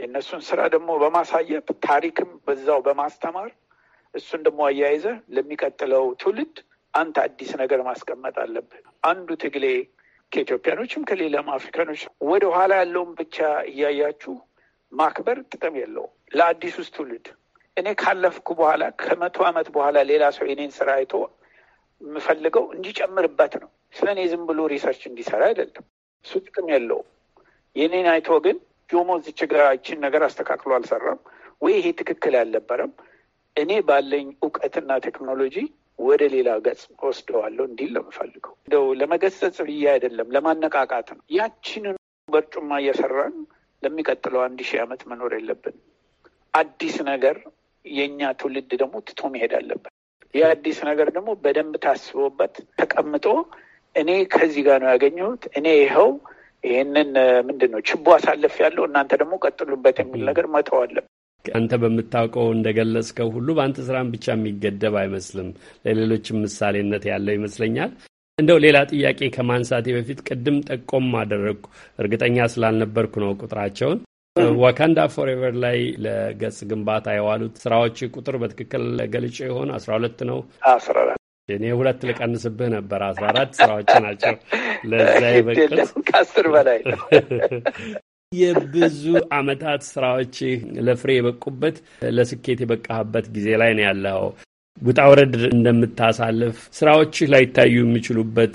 የእነሱን ስራ ደግሞ በማሳየት ታሪክም በዛው በማስተማር እሱን ደግሞ አያይዘ ለሚቀጥለው ትውልድ አንተ አዲስ ነገር ማስቀመጥ አለብህ። አንዱ ትግሌ ከኢትዮጵያኖችም ከሌላም አፍሪካኖች ወደ ኋላ ያለውን ብቻ እያያችሁ ማክበር ጥቅም የለውም። ለአዲሱ ትውልድ እኔ ካለፍኩ በኋላ ከመቶ ዓመት በኋላ ሌላ ሰው የኔን ስራ አይቶ የምፈልገው እንዲጨምርበት ነው። ስለ እኔ ዝም ብሎ ሪሰርች እንዲሰራ አይደለም። እሱ ጥቅም የለውም። የኔን አይቶ ግን ጆሞ ዝች ነገር አስተካክሎ አልሰራም ወይ ይሄ ትክክል አልነበረም እኔ ባለኝ እውቀትና ቴክኖሎጂ ወደ ሌላ ገጽ ወስደዋለሁ እንዲል ነው የምፈልገው። እንደው ለመገሰጽ ብዬ አይደለም፣ ለማነቃቃት ነው። ያችንን በርጩማ እየሰራን ለሚቀጥለው አንድ ሺህ ዓመት መኖር የለብን። አዲስ ነገር የእኛ ትውልድ ደግሞ ትቶ መሄድ አለበት። ይህ አዲስ ነገር ደግሞ በደንብ ታስቦበት ተቀምጦ እኔ ከዚህ ጋር ነው ያገኘሁት፣ እኔ ይኸው ይህንን ምንድን ነው ችቦ አሳልፍ ያለው እናንተ ደግሞ ቀጥሉበት የሚል ነገር መተው አለብን። አንተ በምታውቀው እንደገለጽከው ሁሉ በአንተ ስራም ብቻ የሚገደብ አይመስልም። ለሌሎችም ምሳሌነት ያለው ይመስለኛል። እንደው ሌላ ጥያቄ ከማንሳቴ በፊት ቅድም ጠቆም አደረግኩ፣ እርግጠኛ ስላልነበርኩ ነው ቁጥራቸውን። ዋካንዳ ፎሬቨር ላይ ለገጽ ግንባታ የዋሉት ስራዎች ቁጥር በትክክል ገልጬ የሆን አስራ ሁለት ነው። እኔ ሁለት ልቀንስብህ ነበር፣ አስራ አራት ስራዎች ናቸው። ለዛ ይበቅል ከአስር በላይ የብዙ አመታት ስራዎች ለፍሬ የበቁበት ለስኬት የበቃህበት ጊዜ ላይ ነው ያለው። ውጣ ውረድ እንደምታሳልፍ ስራዎች ላይታዩ የሚችሉበት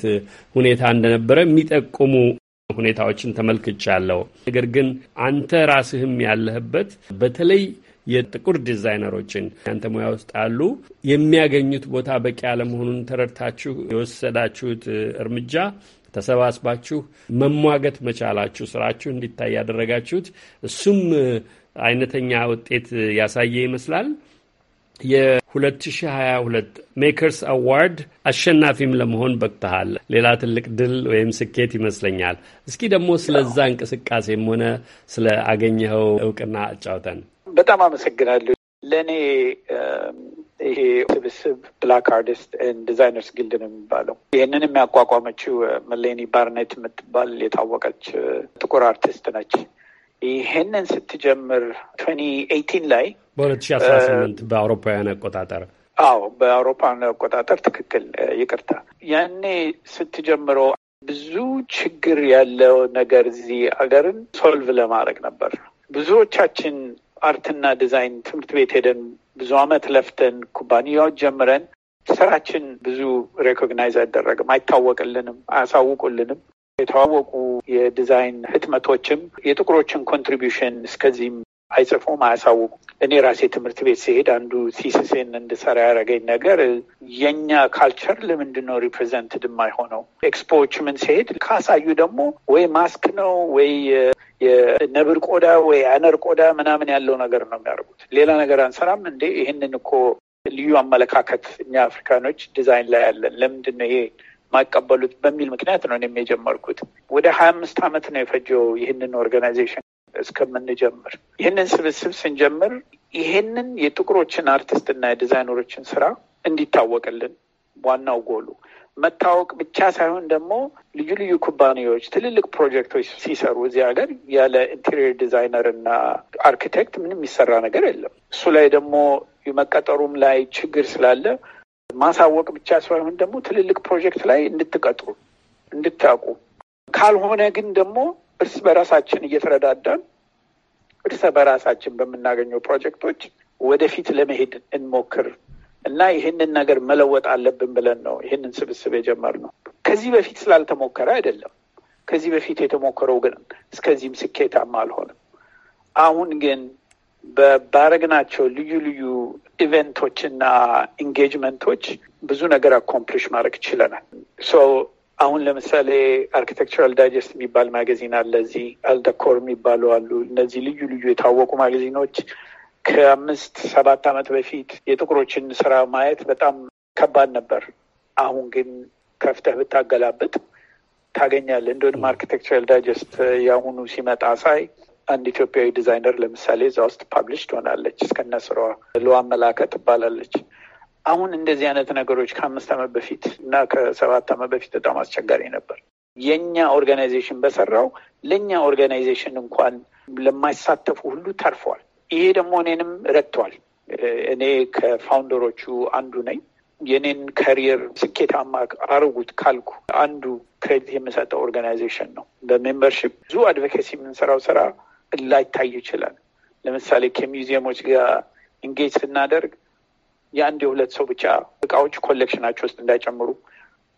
ሁኔታ እንደነበረ የሚጠቁሙ ሁኔታዎችን ተመልክቻለሁ። ነገር ግን አንተ ራስህም ያለህበት በተለይ የጥቁር ዲዛይነሮችን ያንተ ሙያ ውስጥ ያሉ የሚያገኙት ቦታ በቂ አለመሆኑን ተረድታችሁ የወሰዳችሁት እርምጃ ተሰባስባችሁ መሟገት መቻላችሁ ስራችሁ እንዲታይ ያደረጋችሁት እሱም አይነተኛ ውጤት ያሳየ ይመስላል። የ2022 ሜከርስ አዋርድ አሸናፊም ለመሆን በቅተሃል። ሌላ ትልቅ ድል ወይም ስኬት ይመስለኛል። እስኪ ደግሞ ስለዛ እንቅስቃሴም ሆነ ስለ አገኘኸው እውቅና አጫውተን። በጣም አመሰግናለሁ። ለእኔ ይሄ ስብስብ ብላክ አርቲስት ኤንድ ዲዛይነርስ ግልድ ነው የሚባለው። ይህንን የሚያቋቋመችው መሌኒ uh, ባርኔት የምትባል የታወቀች uh, ጥቁር አርቲስት ነች። ይህንን ስትጀምር ትዌንቲ ኤይቲን ላይ በሁለት ሺ አስራ ስምንት በአውሮፓውያን አቆጣጠር አዎ፣ በአውሮፓውያን አቆጣጠር ትክክል፣ uh, ይቅርታ። ያኔ ስትጀምረው ብዙ ችግር ያለው ነገር እዚህ ሀገርን ሶልቭ ለማድረግ ነበር። ብዙዎቻችን አርትና ዲዛይን ትምህርት ቤት ሄደን ብዙ አመት ለፍተን ኩባንያዎች ጀምረን ስራችን ብዙ ሬኮግናይዝ አይደረግም፣ አይታወቅልንም፣ አያሳውቁልንም። የተዋወቁ የዲዛይን ህትመቶችም የጥቁሮችን ኮንትሪቢሽን እስከዚህም አይጽፎም አያሳውቁም። እኔ ራሴ ትምህርት ቤት ሲሄድ አንዱ ሲስሴን እንድሰራ ያደረገኝ ነገር የኛ ካልቸር ለምንድን ነው ሪፕሬዘንትድ የማይሆነው? ኤክስፖዎች ምን ሲሄድ ካሳዩ ደግሞ ወይ ማስክ ነው ወይ የነብር ቆዳ ወይ አነር ቆዳ ምናምን ያለው ነገር ነው የሚያደርጉት። ሌላ ነገር አንሰራም እንዴ? ይህንን እኮ ልዩ አመለካከት እኛ አፍሪካኖች ዲዛይን ላይ ያለን ለምንድን ነው ይሄ የማይቀበሉት በሚል ምክንያት ነው እኔም የጀመርኩት። ወደ ሀያ አምስት አመት ነው የፈጀው ይህንን ኦርጋናይዜሽን እስከምንጀምር ይህንን ስብስብ ስንጀምር ይህንን የጥቁሮችን አርቲስት እና የዲዛይነሮችን ስራ እንዲታወቅልን ዋናው ጎሉ መታወቅ ብቻ ሳይሆን ደግሞ ልዩ ልዩ ኩባንያዎች ትልልቅ ፕሮጀክቶች ሲሰሩ እዚህ ሀገር ያለ ኢንቴሪየር ዲዛይነር እና አርኪቴክት ምንም የሚሰራ ነገር የለም። እሱ ላይ ደግሞ የመቀጠሩም ላይ ችግር ስላለ ማሳወቅ ብቻ ሳይሆን ደግሞ ትልልቅ ፕሮጀክት ላይ እንድትቀጥሩ እንድታውቁ ካልሆነ ግን ደግሞ እርስ በራሳችን እየተረዳዳን እርስ በራሳችን በምናገኘው ፕሮጀክቶች ወደፊት ለመሄድ እንሞክር እና ይህንን ነገር መለወጥ አለብን ብለን ነው ይህንን ስብስብ የጀመርነው። ከዚህ በፊት ስላልተሞከረ አይደለም። ከዚህ በፊት የተሞከረው ግን እስከዚህም ስኬታማ አልሆነም። አሁን ግን በባረግናቸው ልዩ ልዩ ኢቨንቶች እና ኢንጌጅመንቶች ብዙ ነገር አኮምፕሊሽ ማድረግ ችለናል። አሁን ለምሳሌ አርኪቴክቸራል ዳይጀስት የሚባል ማገዚን አለ። እዚህ አልደኮር የሚባሉ አሉ። እነዚህ ልዩ ልዩ የታወቁ ማጋዚኖች ከአምስት ሰባት ዓመት በፊት የጥቁሮችን ስራ ማየት በጣም ከባድ ነበር። አሁን ግን ከፍተህ ብታገላብጥ ታገኛለህ። እንደሆንም አርኪቴክቸራል ዳይጀስት የአሁኑ ሲመጣ ሳይ አንድ ኢትዮጵያዊ ዲዛይነር ለምሳሌ እዛ ውስጥ ፓብሊሽ ትሆናለች። እስከነ ስራዋ ለዋ ትባላለች። አሁን እንደዚህ አይነት ነገሮች ከአምስት ዓመት በፊት እና ከሰባት ዓመት በፊት በጣም አስቸጋሪ ነበር። የእኛ ኦርጋናይዜሽን በሰራው ለእኛ ኦርጋናይዜሽን እንኳን ለማይሳተፉ ሁሉ ተርፏል። ይሄ ደግሞ እኔንም ረድቷል። እኔ ከፋውንደሮቹ አንዱ ነኝ። የኔን ከሪየር ስኬታማ አርጉት ካልኩ አንዱ ክሬዲት የምሰጠው ኦርጋናይዜሽን ነው። በሜምበርሽፕ ብዙ አድቮኬሲ የምንሰራው ስራ ላይታይ ይችላል። ለምሳሌ ከሚውዚየሞች ጋር ኢንጌጅ ስናደርግ የአንድ የሁለት ሰው ብቻ እቃዎች ኮሌክሽናቸው ውስጥ እንዳይጨምሩ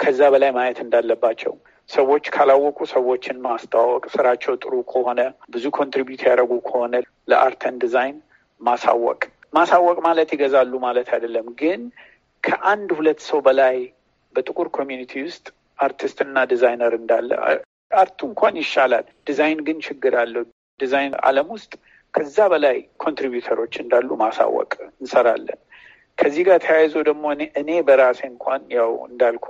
ከዛ በላይ ማየት እንዳለባቸው ሰዎች ካላወቁ ሰዎችን ማስተዋወቅ፣ ስራቸው ጥሩ ከሆነ ብዙ ኮንትሪቢዩት ያደረጉ ከሆነ ለአርተን ዲዛይን ማሳወቅ። ማሳወቅ ማለት ይገዛሉ ማለት አይደለም፣ ግን ከአንድ ሁለት ሰው በላይ በጥቁር ኮሚኒቲ ውስጥ አርቲስትና ዲዛይነር እንዳለ አርቱ እንኳን ይሻላል፣ ዲዛይን ግን ችግር አለው። ዲዛይን አለም ውስጥ ከዛ በላይ ኮንትሪቢዩተሮች እንዳሉ ማሳወቅ እንሰራለን። ከዚህ ጋር ተያይዞ ደግሞ እኔ በራሴ እንኳን ያው እንዳልኩ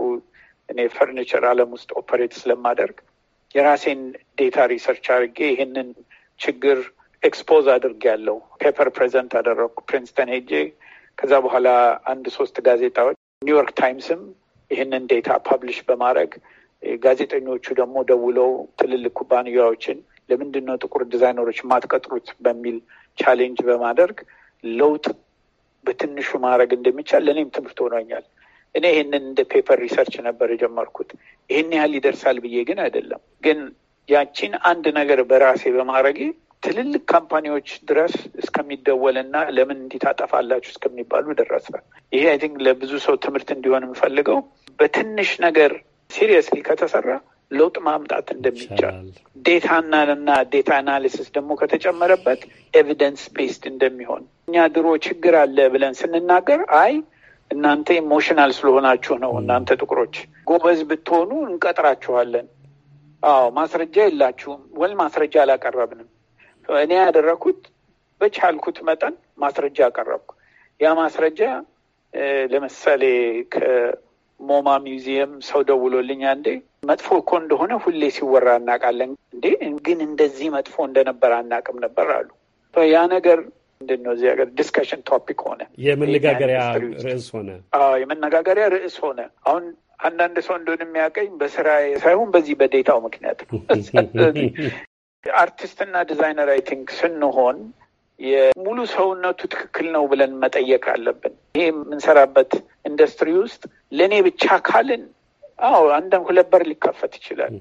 እኔ ፈርኒቸር አለም ውስጥ ኦፐሬት ስለማደርግ የራሴን ዴታ ሪሰርች አድርጌ ይህንን ችግር ኤክስፖዝ አድርጌ ያለው ፔፐር ፕሬዘንት አደረግኩ ፕሪንስተን ሄጄ። ከዛ በኋላ አንድ ሶስት ጋዜጣዎች ኒውዮርክ ታይምስም ይህንን ዴታ ፐብሊሽ በማድረግ ጋዜጠኞቹ ደግሞ ደውለው ትልልቅ ኩባንያዎችን ለምንድነው ጥቁር ዲዛይነሮች ማትቀጥሩት በሚል ቻሌንጅ በማድረግ ለውጥ በትንሹ ማድረግ እንደሚቻል ለእኔም ትምህርት ሆኖኛል። እኔ ይህንን እንደ ፔፐር ሪሰርች ነበር የጀመርኩት። ይህን ያህል ይደርሳል ብዬ ግን አይደለም። ግን ያቺን አንድ ነገር በራሴ በማድረጌ ትልልቅ ካምፓኒዎች ድረስ እስከሚደወል ለምን እንዲህ ታጠፋላችሁ እስከሚባሉ ደረሰ። ይሄ አይ ቲንክ ለብዙ ሰው ትምህርት እንዲሆን የምፈልገው በትንሽ ነገር ሲሪየስሊ ከተሰራ ለውጥ ማምጣት እንደሚቻል ዴታናና ዴታ አናሊሲስ ደግሞ ከተጨመረበት ኤቪደንስ ቤስድ እንደሚሆን እኛ ድሮ ችግር አለ ብለን ስንናገር አይ እናንተ ኢሞሽናል ስለሆናችሁ ነው፣ እናንተ ጥቁሮች ጎበዝ ብትሆኑ እንቀጥራችኋለን። አዎ ማስረጃ የላችሁም ወይ ማስረጃ አላቀረብንም። እኔ ያደረኩት በቻልኩት መጠን ማስረጃ አቀረብኩ። ያ ማስረጃ ለምሳሌ ሞማ ሚውዚየም ሰው ደውሎልኝ አንዴ መጥፎ እኮ እንደሆነ ሁሌ ሲወራ እናውቃለን፣ እንዴ ግን እንደዚህ መጥፎ እንደነበር አናውቅም ነበር አሉ። ያ ነገር ምንድን ነው እዚህ ሀገር ዲስከሽን ቶፒክ ሆነ፣ የመነጋገሪያ ርዕስ ሆነ። አዎ የመነጋገሪያ ርዕስ ሆነ። አሁን አንዳንድ ሰው እንደሆነ የሚያውቀኝ በስራ ሳይሆን በዚህ በዴታው ምክንያት አርቲስትና ዲዛይነር አይ ቲንክ ስንሆን የሙሉ ሰውነቱ ትክክል ነው ብለን መጠየቅ አለብን። ይሄ የምንሰራበት ኢንዱስትሪ ውስጥ ለእኔ ብቻ ካልን፣ አዎ አንዳንድ ሁለት በር ሊከፈት ይችላል።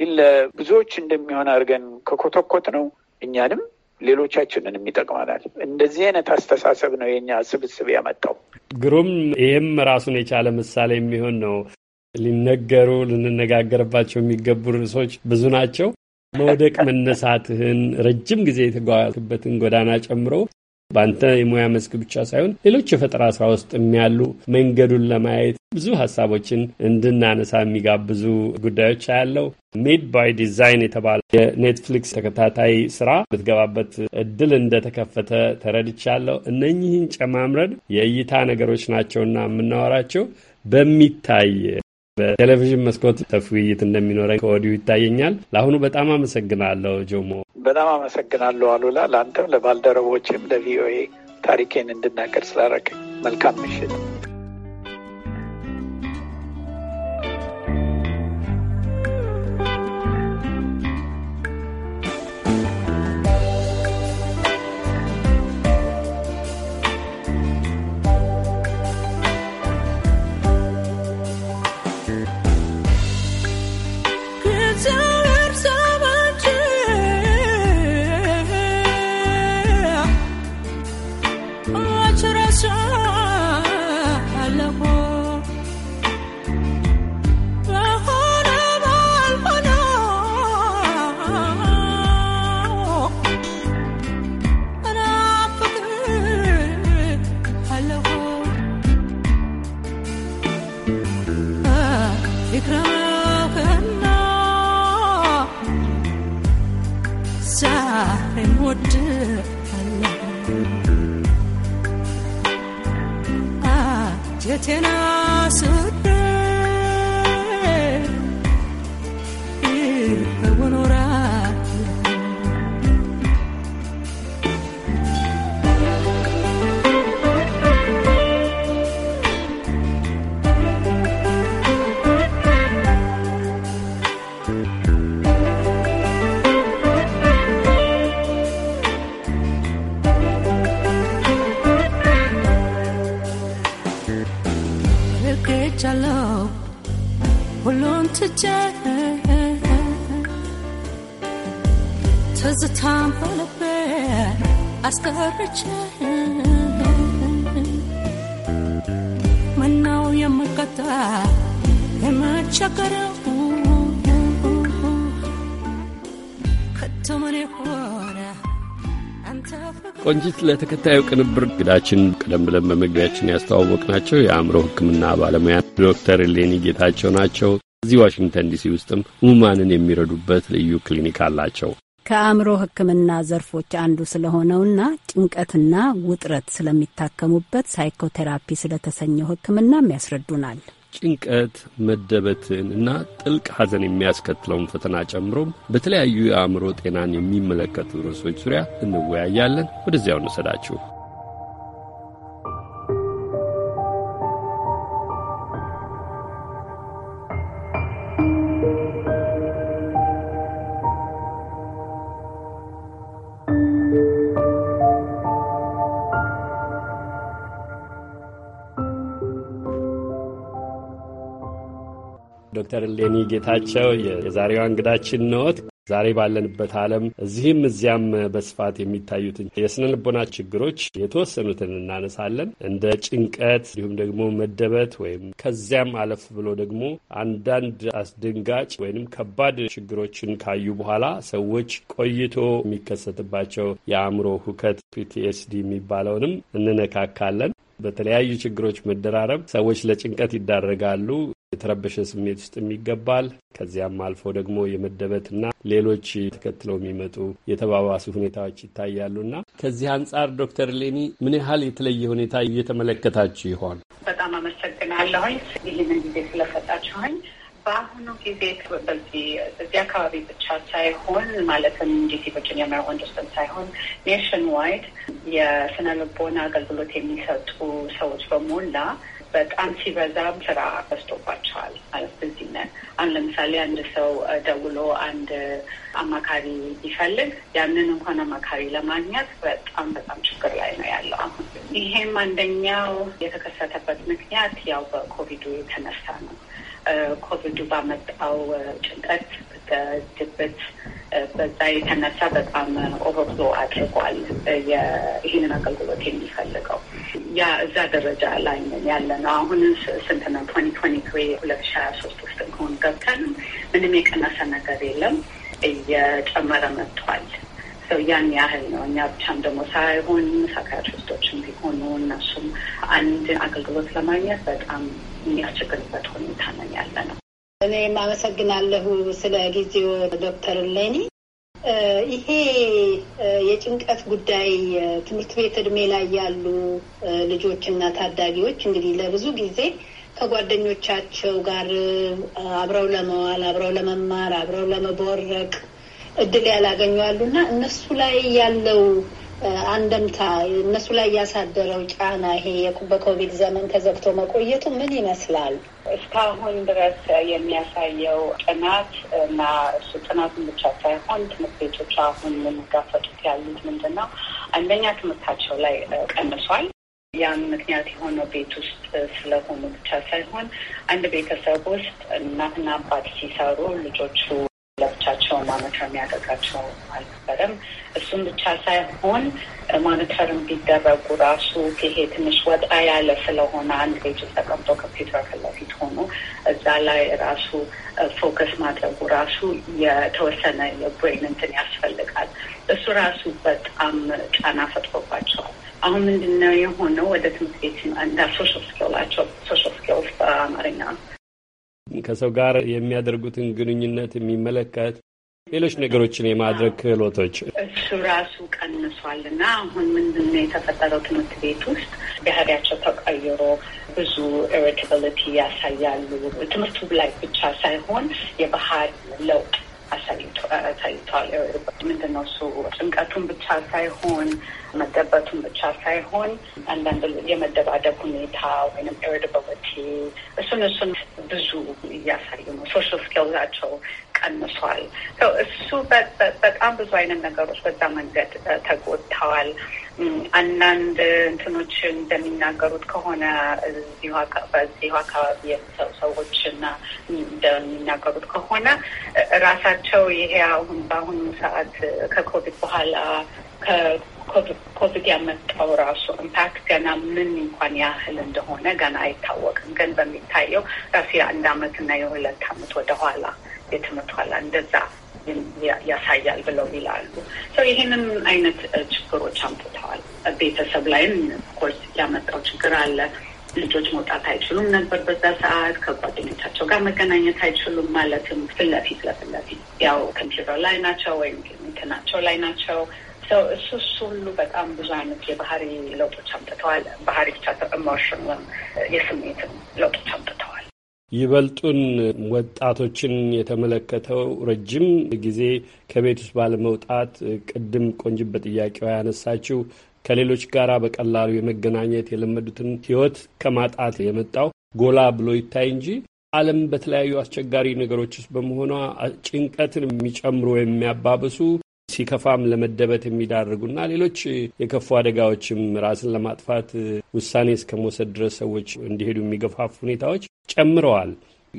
ግን ለብዙዎች እንደሚሆን አድርገን ከኮተኮት ነው እኛንም ሌሎቻችንንም ይጠቅመናል። እንደዚህ አይነት አስተሳሰብ ነው የኛ ስብስብ ያመጣው። ግሩም። ይህም ራሱን የቻለ ምሳሌ የሚሆን ነው። ሊነገሩ ልንነጋገርባቸው የሚገቡ ርዕሶች ብዙ ናቸው። መውደቅ መነሳትህን ረጅም ጊዜ የተጓዝክበትን ጎዳና ጨምሮ በአንተ የሙያ መስክ ብቻ ሳይሆን ሌሎች የፈጠራ ስራ ውስጥ የሚያሉ መንገዱን ለማየት ብዙ ሀሳቦችን እንድናነሳ የሚጋብዙ ጉዳዮች ያለው ሜድ ባይ ዲዛይን የተባለ የኔትፍሊክስ ተከታታይ ስራ ብትገባበት እድል እንደተከፈተ ተረድቻለሁ። እነኚህን ጨማምረን የእይታ ነገሮች ናቸውና የምናወራቸው በሚታይ በቴሌቪዥን መስኮት ሰፊ ውይይት እንደሚኖረን ከወዲሁ ይታየኛል። ለአሁኑ በጣም አመሰግናለሁ ጆሞ። በጣም አመሰግናለሁ አሉላ፣ ለአንተም፣ ለባልደረቦችም፣ ለቪኦኤ ታሪኬን እንድናገር ስላደረግህ መልካም ምሽት። ለተከታዩ ቅንብር እንግዳችን ቀደም ብለን በመግቢያችን ያስተዋወቅ ናቸው። የአእምሮ ሕክምና ባለሙያ ዶክተር ሌኒ ጌታቸው ናቸው። እዚህ ዋሽንግተን ዲሲ ውስጥም ህሙማንን የሚረዱበት ልዩ ክሊኒክ አላቸው። ከአእምሮ ሕክምና ዘርፎች አንዱ ስለሆነውና ጭንቀትና ውጥረት ስለሚታከሙበት ሳይኮቴራፒ ስለተሰኘው ሕክምናም ያስረዱናል። ጭንቀት፣ መደበትን እና ጥልቅ ሐዘን የሚያስከትለውን ፈተና ጨምሮም በተለያዩ የአእምሮ ጤናን የሚመለከቱ ርዕሶች ዙሪያ እንወያያለን። ወደዚያው እንውሰዳችሁ። ዶክተር ሌኒ ጌታቸው የዛሬዋ እንግዳችን ነዎት። ዛሬ ባለንበት ዓለም እዚህም እዚያም በስፋት የሚታዩትን የስነ ልቦና ችግሮች የተወሰኑትን እናነሳለን። እንደ ጭንቀት እንዲሁም ደግሞ መደበት ወይም ከዚያም አለፍ ብሎ ደግሞ አንዳንድ አስደንጋጭ ወይም ከባድ ችግሮችን ካዩ በኋላ ሰዎች ቆይቶ የሚከሰትባቸው የአእምሮ ሁከት ፒቲኤስዲ የሚባለውንም እንነካካለን። በተለያዩ ችግሮች መደራረብ ሰዎች ለጭንቀት ይዳረጋሉ። የተረበሸ ስሜት ውስጥም ይገባል። ከዚያም አልፎ ደግሞ የመደበትና ሌሎች ተከትለው የሚመጡ የተባባሱ ሁኔታዎች ይታያሉና ከዚህ አንጻር ዶክተር ሌኒ ምን ያህል የተለየ ሁኔታ እየተመለከታችሁ ይሆን? በጣም አመሰግናለሁኝ ይህንን ጊዜ ስለሰጣችሁኝ። በአሁኑ ጊዜ በዚህ አካባቢ ብቻ ሳይሆን ማለትም ዲሲ ቨርጂኒያ ሜሪላንድ ውስጥም ሳይሆን ኔሽን ዋይድ የስነ ልቦና አገልግሎት የሚሰጡ ሰዎች በሞላ በጣም ሲበዛ ስራ በዝቶባቸዋል። ማለት በዚህ ነ አሁን ለምሳሌ አንድ ሰው ደውሎ አንድ አማካሪ ቢፈልግ ያንን እንኳን አማካሪ ለማግኘት በጣም በጣም ችግር ላይ ነው ያለው አሁን። ይሄም አንደኛው የተከሰተበት ምክንያት ያው በኮቪዱ የተነሳ ነው። ኮቪዱ ባመጣው ጭንቀት ድብት በዛ የተነሳ በጣም ኦቨርፍሎ አድርጓል ይህንን አገልግሎት የሚፈልገው ያ እዛ ደረጃ ላይ ያለ ነው። አሁን ስንት ነው? ቶኒ ቶኒ ትሪ ሁለት ሺ ሀያ ሶስት ውስጥ ከሆን ገብተን ምንም የቀነሰ ነገር የለም፣ እየጨመረ መጥቷል። ሰው ያን ያህል ነው። እኛ ብቻም ደግሞ ሳይሆን ሳካያትሪስቶችም ቢሆኑ እነሱም አንድ አገልግሎት ለማግኘት በጣም የሚያስቸግርበት ሁኔታ ነው ያለ ነው። እኔም አመሰግናለሁ ስለ ጊዜው ዶክተር ሌኒ። ይሄ የጭንቀት ጉዳይ ትምህርት ቤት እድሜ ላይ ያሉ ልጆችና ታዳጊዎች እንግዲህ ለብዙ ጊዜ ከጓደኞቻቸው ጋር አብረው ለመዋል፣ አብረው ለመማር፣ አብረው ለመቦረቅ እድል ያላገኙ አሉና እነሱ ላይ ያለው አንደምታ እነሱ ላይ ያሳደረው ጫና ይሄ በኮቪድ ዘመን ተዘግቶ መቆየቱ ምን ይመስላል? እስካሁን ድረስ የሚያሳየው ጥናት እና እሱ ጥናቱን ብቻ ሳይሆን ትምህርት ቤቶች አሁን የሚጋፈጡት ያሉት ምንድን ነው? አንደኛ ትምህርታቸው ላይ ቀንሷል። ያም ምክንያት የሆነው ቤት ውስጥ ስለሆኑ ብቻ ሳይሆን አንድ ቤተሰብ ውስጥ እናትና አባት ሲሰሩ ልጆቹ ለብቻቸው ማኒተር የሚያደርጋቸው አልነበረም። እሱም ብቻ ሳይሆን ማኒተር ቢደረጉ ራሱ ይሄ ትንሽ ወጣ ያለ ስለሆነ አንድ ቤጅ ተቀምጦ ኮምፒውተር ከለፊት ሆኖ እዛ ላይ ራሱ ፎከስ ማድረጉ ራሱ የተወሰነ የብሬን እንትን ያስፈልጋል። እሱ ራሱ በጣም ጫና ፈጥሮባቸዋል። አሁን ምንድነው የሆነው ወደ ትምህርት ቤት እንዳ ሶሻል ስኪላቸው ሶሻል ስኪልስ በአማርኛ ከሰው ጋር የሚያደርጉትን ግንኙነት የሚመለከት ሌሎች ነገሮችን የማድረግ ክህሎቶች እሱ ራሱ ቀንሷል እና አሁን ምንድን ነው የተፈጠረው? ትምህርት ቤት ውስጥ ባህሪያቸው ተቀይሮ ብዙ ኢሪታብሊቲ ያሳያሉ። ትምህርቱ ላይ ብቻ ሳይሆን የባህሪ ለውጥ አሳይቷል። ምንድነው እሱ ጭንቀቱን ብቻ ሳይሆን መደበቱን ብቻ ሳይሆን አንዳንድ የመደባደብ ሁኔታ ወይም ኢሪታብሊቲ እሱን እሱን ብዙ እያሳዩ ነው። ሶሻል ስኪላቸው ቀንሷል። እሱ በጣም ብዙ አይነት ነገሮች በዛ መንገድ ተጎድተዋል። አንዳንድ እንትኖች እንደሚናገሩት ከሆነ በዚሁ አካባቢ ሰዎች እና እንደሚናገሩት ከሆነ ራሳቸው ይሄ አሁን በአሁኑ ሰዓት ከኮቪድ በኋላ ኮቪድ ያመጣው ራሱ ኢምፓክት ገና ምን እንኳን ያህል እንደሆነ ገና አይታወቅም። ግን በሚታየው ራሱ የአንድ አመት እና የሁለት አመት ወደኋላ የትምህርት ኋላ እንደዛ ያሳያል ብለው ይላሉ። ሰው ይህንን አይነት ችግሮች አምጥተዋል። ቤተሰብ ላይም ኮርስ ያመጣው ችግር አለ። ልጆች መውጣት አይችሉም ነበር በዛ ሰዓት። ከጓደኞቻቸው ጋር መገናኘት አይችሉም። ማለትም ፊት ለፊት ለፊት ለፊት ያው ኮምፒውተር ላይ ናቸው ወይም እንትናቸው ላይ ናቸው። ሰው እሱ እሱ ሁሉ በጣም ብዙ አይነት የባህሪ ለውጦች አምጥተዋል። ባህሪ ብቻ ኢሞሽን የስሜትም ለውጦች አምጥተዋል። ይበልጡን ወጣቶችን የተመለከተው ረጅም ጊዜ ከቤት ውስጥ ባለመውጣት ቅድም ቆንጅት በጥያቄዋ ያነሳችው ከሌሎች ጋራ በቀላሉ የመገናኘት የለመዱትን ሕይወት ከማጣት የመጣው ጎላ ብሎ ይታይ እንጂ ዓለም በተለያዩ አስቸጋሪ ነገሮች ውስጥ በመሆኗ ጭንቀትን የሚጨምሩ የሚያባብሱ ሲከፋም ለመደበት የሚዳርጉና ሌሎች የከፉ አደጋዎችም ራስን ለማጥፋት ውሳኔ እስከ መውሰድ ድረስ ሰዎች እንዲሄዱ የሚገፋፉ ሁኔታዎች ጨምረዋል።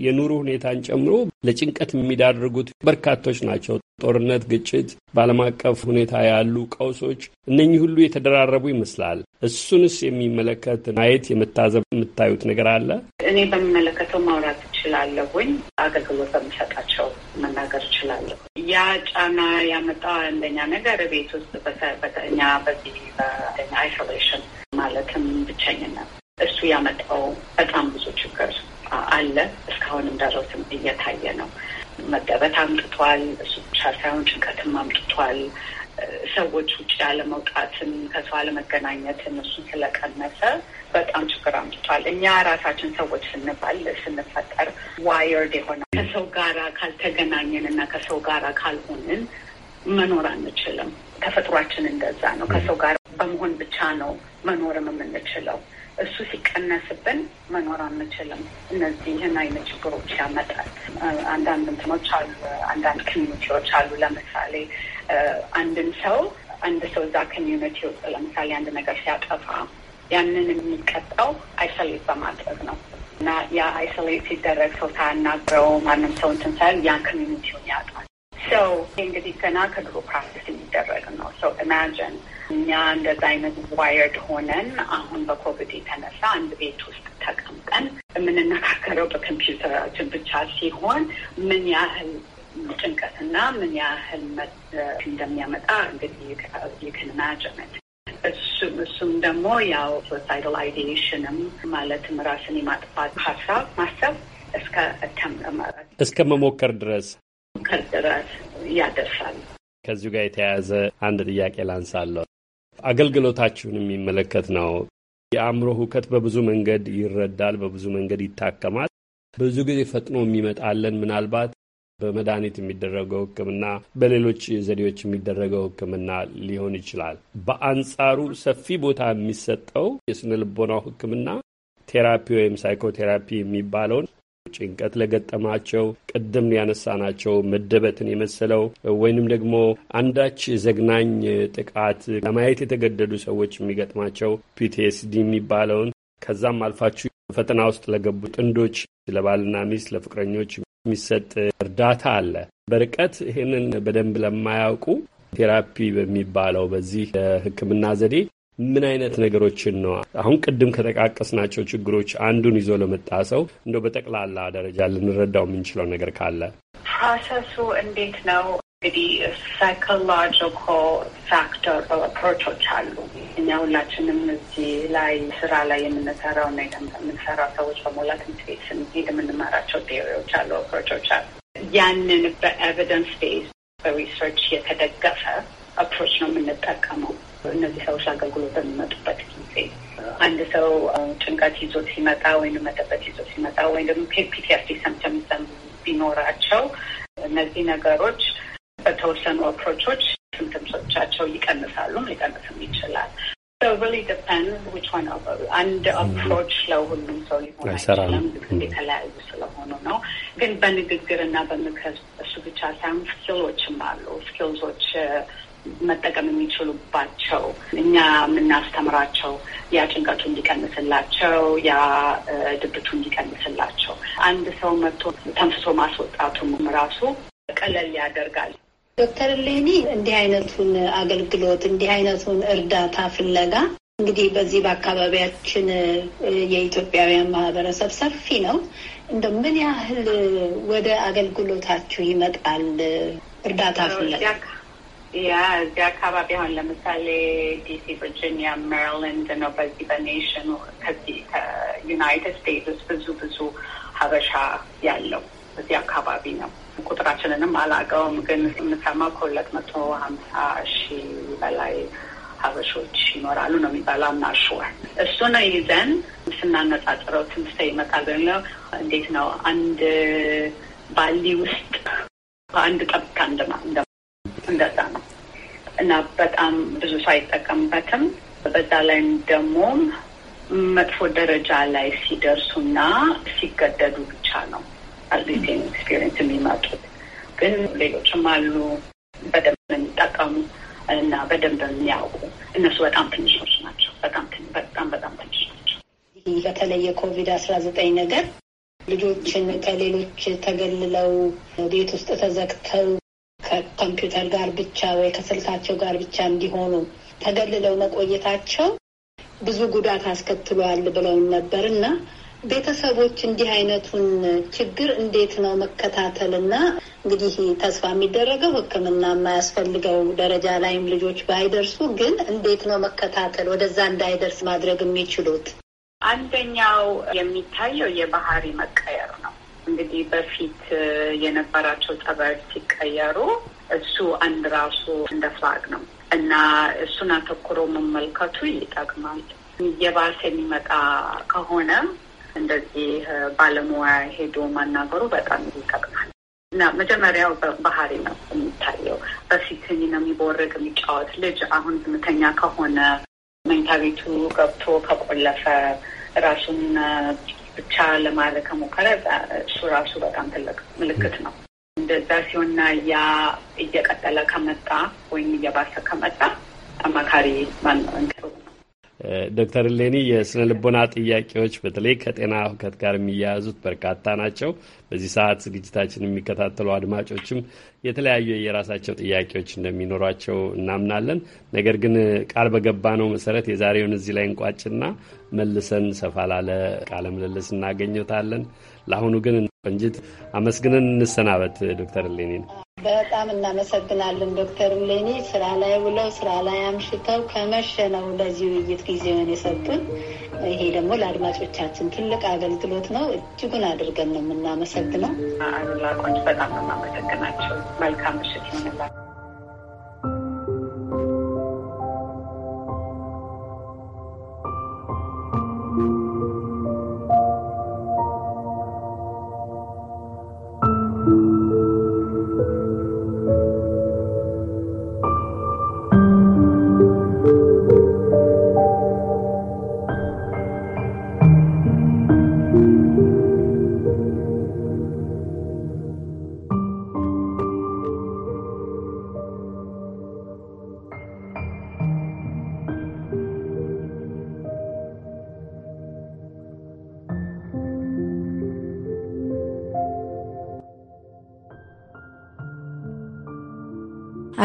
የኑሮ ሁኔታን ጨምሮ ለጭንቀት የሚዳርጉት በርካቶች ናቸው። ጦርነት፣ ግጭት፣ በዓለም አቀፍ ሁኔታ ያሉ ቀውሶች፣ እነኚህ ሁሉ የተደራረቡ ይመስላል። እሱንስ የሚመለከት ማየት፣ የመታዘብ የምታዩት ነገር አለ? እኔ በሚመለከተው ማውራት እችላለሁኝ። አገልግሎት በምሰጣቸው መናገር እችላለሁ። ያ ጫና ያመጣ አንደኛ ነገር ቤት ውስጥ በተኛ በዚህ አይሶሌሽን ማለትም ብቸኝነት እሱ ያመጣው በጣም ብዙ ችግር አለ። እስካሁንም ደረስም እየታየ ነው። መገበት አምጥቷል። እሱ ብቻ ሳይሆን ጭንቀትም አምጥቷል። ሰዎች ውጭ ያለመውጣትን ከሰው አለመገናኘትን እሱ ስለቀነሰ በጣም ችግር አምጥቷል። እኛ ራሳችን ሰዎች ስንባል ስንፈጠር ዋየርድ የሆነ ከሰው ጋራ ካልተገናኘን እና ከሰው ጋራ ካልሆንን መኖር አንችልም። ተፈጥሯችን እንደዛ ነው። ከሰው ጋር በመሆን ብቻ ነው መኖርም የምንችለው። እሱ ሲቀነስብን መኖር አንችልም። እነዚህን አይነት ችግሮች ያመጣል። አንዳንድ እንትኖች አሉ፣ አንዳንድ ኮሚኒቲዎች አሉ። ለምሳሌ አንድን ሰው አንድ ሰው እዛ ኮሚዩኒቲ ውስጥ ለምሳሌ አንድ ነገር ሲያጠፋ ያንን የሚቀጣው አይሶሌት በማድረግ ነው እና ያ አይሶሌት ሲደረግ ሰው ሳያናግረው ማንም ሰው እንትን ሳይል ያን ኮሚዩኒቲውን ያጣል። ሰው እንግዲህ ገና ከድሮ ፕራክቲስ የሚደረግ ነው። ሰው ኢማጅን እኛ እንደዛ አይነት ዋየርድ ሆነን አሁን በኮቪድ የተነሳ አንድ ቤት ውስጥ ተቀምጠን የምንነካከረው በኮምፒውተራችን ብቻ ሲሆን ምን ያህል ጭንቀትና ምን ያህል መት እንደሚያመጣ እንግዲህ ይክናጭነት እሱም እሱም ደግሞ ያው ሶሳይዳል አይዲሽንም ማለትም ራስን የማጥፋት ሀሳብ ማሰብ እስከ መሞከር ድረስ ከድረስ ያደርሳል። ከዚሁ ጋር የተያያዘ አንድ ጥያቄ ላንሳለሁ። አገልግሎታችሁን የሚመለከት ነው። የአእምሮ ሁከት በብዙ መንገድ ይረዳል፣ በብዙ መንገድ ይታከማል። ብዙ ጊዜ ፈጥኖ የሚመጣለን ምናልባት በመድኃኒት የሚደረገው ሕክምና በሌሎች ዘዴዎች የሚደረገው ሕክምና ሊሆን ይችላል። በአንጻሩ ሰፊ ቦታ የሚሰጠው የስነ ልቦናው ሕክምና ቴራፒ ወይም ሳይኮቴራፒ የሚባለውን ጭንቀት ለገጠማቸው ቅድም ያነሳናቸው መደበትን የመሰለው ወይንም ደግሞ አንዳች ዘግናኝ ጥቃት ለማየት የተገደዱ ሰዎች የሚገጥማቸው ፒቲኤስዲ የሚባለውን ከዛም አልፋችሁ ፈተና ውስጥ ለገቡ ጥንዶች፣ ለባልና ሚስት፣ ለፍቅረኞች የሚሰጥ እርዳታ አለ። በርቀት ይህንን በደንብ ለማያውቁ ቴራፒ በሚባለው በዚህ ሕክምና ዘዴ ምን አይነት ነገሮችን ነው አሁን ቅድም ከጠቃቀስናቸው ችግሮች አንዱን ይዞ ለመጣ ሰው እንደው በጠቅላላ ደረጃ ልንረዳው የምንችለው ነገር ካለ? ፕሮሰሱ እንዴት ነው? እንግዲህ ሳይኮሎጂካል ፋክተር አፕሮቾች አሉ። እኛ ሁላችንም እዚህ ላይ ስራ ላይ የምንሰራው እና የምንሰራው ሰዎች በሞላ ትምህርት ቤት ስንሄድ የምንማራቸው ቴዎሪዎች አሉ፣ አፕሮቾች አሉ። ያንን በኤቪደንስ ቤዝ በሪሰርች የተደገፈ አፕሮች ነው የምንጠቀመው እነዚህ ሰዎች አገልግሎት በሚመጡበት ጊዜ አንድ ሰው ጭንቀት ይዞ ሲመጣ ወይም መጠበት ይዞ ሲመጣ ወይም ደግሞ ፒቲኤስዲ ሰምተምሰም ቢኖራቸው እነዚህ ነገሮች በተወሰኑ አፕሮቾች ስምትምሶቻቸው ይቀንሳሉም ሊቀንስም ይችላል። አንድ አፕሮች mm-hmm. ለሁሉም ሰው ሊሆን አይችልም። mm-hmm. የተለያዩ ስለሆኑ ነው። ግን በንግግርና በምክር እሱ ብቻ ሳይሆን ስኪሎችም አሉ። ስኪሎች uh, መጠቀም የሚችሉባቸው እኛ የምናስተምራቸው ያ ጭንቀቱ እንዲቀንስላቸው፣ ያ uh, ድብቱ እንዲቀንስላቸው አንድ ሰው መጥቶ ተንፍሶ ማስወጣቱም ራሱ ቀለል ያደርጋል። ዶክተር ሌኒ እንዲህ አይነቱን አገልግሎት እንዲህ አይነቱን እርዳታ ፍለጋ እንግዲህ በዚህ በአካባቢያችን የኢትዮጵያውያን ማህበረሰብ ሰፊ ነው። እንደ ምን ያህል ወደ አገልግሎታችሁ ይመጣል እርዳታ ፍለጋ? ያ እዚህ አካባቢ አሁን ለምሳሌ ዲሲ፣ ቨርጂኒያ፣ ሜሪላንድ ነው። በዚህ በኔሽን ከዚህ ከዩናይትድ ስቴትስ ብዙ ብዙ ሀበሻ ያለው እዚህ አካባቢ ነው። ቁጥራችንንም አላውቀውም፣ ግን የምሰማው ከሁለት መቶ ሀምሳ ሺህ በላይ ሀበሾች ይኖራሉ ነው የሚባለው። አምናሽዋል እሱ ነው ይዘን ስናነጻጽረው ትንስተ ይመጣል በሚለው እንዴት ነው አንድ ባሊ ውስጥ አንድ ጠብታ እንደዛ ነው እና በጣም ብዙ ሰው አይጠቀምበትም። በዛ ላይ ደግሞ መጥፎ ደረጃ ላይ ሲደርሱና ሲገደዱ ብቻ ነው አልቤቴን ኤክስፔሪንስ የሚመጡት ግን ሌሎችም አሉ በደንብ የሚጠቀሙ እና በደንብ የሚያውቁ እነሱ በጣም ትንሾች ናቸው። በጣም በጣም በጣም ትንሽ ናቸው። ይህ በተለይ የኮቪድ አስራ ዘጠኝ ነገር ልጆችን ከሌሎች ተገልለው ቤት ውስጥ ተዘግተው ከኮምፒውተር ጋር ብቻ ወይ ከስልካቸው ጋር ብቻ እንዲሆኑ ተገልለው መቆየታቸው ብዙ ጉዳት አስከትሏል ብለውን ነበር እና ቤተሰቦች እንዲህ አይነቱን ችግር እንዴት ነው መከታተልና እንግዲህ ተስፋ የሚደረገው ሕክምና የማያስፈልገው ደረጃ ላይም ልጆች ባይደርሱ ግን እንዴት ነው መከታተል ወደዛ እንዳይደርስ ማድረግ የሚችሉት? አንደኛው የሚታየው የባህሪ መቀየር ነው። እንግዲህ በፊት የነበራቸው ጠባዮች ሲቀየሩ እሱ አንድ ራሱ እንደ ፍላግ ነው እና እሱን አተኩሮ መመልከቱ ይጠቅማል። እየባሰ የሚመጣ ከሆነ እንደዚህ ባለሙያ ሄዶ ማናገሩ በጣም ይጠቅማል። እና መጀመሪያው ባህሪ ነው የሚታየው። በፊት ነው የሚቦርቅ የሚጫወት ልጅ አሁን ዝምተኛ ከሆነ መኝታ ቤቱ ገብቶ ከቆለፈ ራሱን ብቻ ለማድረግ ከሞከረ እሱ ራሱ በጣም ትልቅ ምልክት ነው። እንደዛ ሲሆንና ያ እየቀጠለ ከመጣ ወይም እየባሰ ከመጣ አማካሪ ማን ነው? ዶክተር ሌኒ የስነ ልቦና ጥያቄዎች በተለይ ከጤና ሁከት ጋር የሚያያዙት በርካታ ናቸው። በዚህ ሰዓት ዝግጅታችን የሚከታተሉ አድማጮችም የተለያዩ የራሳቸው ጥያቄዎች እንደሚኖሯቸው እናምናለን። ነገር ግን ቃል በገባ ነው መሰረት የዛሬውን እዚህ ላይ እንቋጭና መልሰን ሰፋ ላለ ቃለ ምልልስ እናገኘታለን። ለአሁኑ ግን ቆንጅት አመስግነን እንሰናበት ዶክተር ሌኒን በጣም እናመሰግናለን ዶክተር ሌኒ ስራ ላይ ውለው ስራ ላይ አምሽተው ከመሸ ነው ለዚህ ውይይት ጊዜውን የሰጡን። ይሄ ደግሞ ለአድማጮቻችን ትልቅ አገልግሎት ነው። እጅጉን አድርገን ነው የምናመሰግነው። አሉላ በጣም ነው የማመሰግናቸው። መልካም ምሽት ይሆንላል።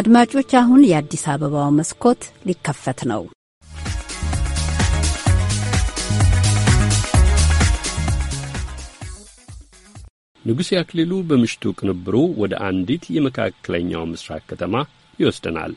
አድማጮች፣ አሁን የአዲስ አበባው መስኮት ሊከፈት ነው። ንጉሴ አክሊሉ በምሽቱ ቅንብሩ ወደ አንዲት የመካከለኛው ምስራቅ ከተማ ይወስደናል።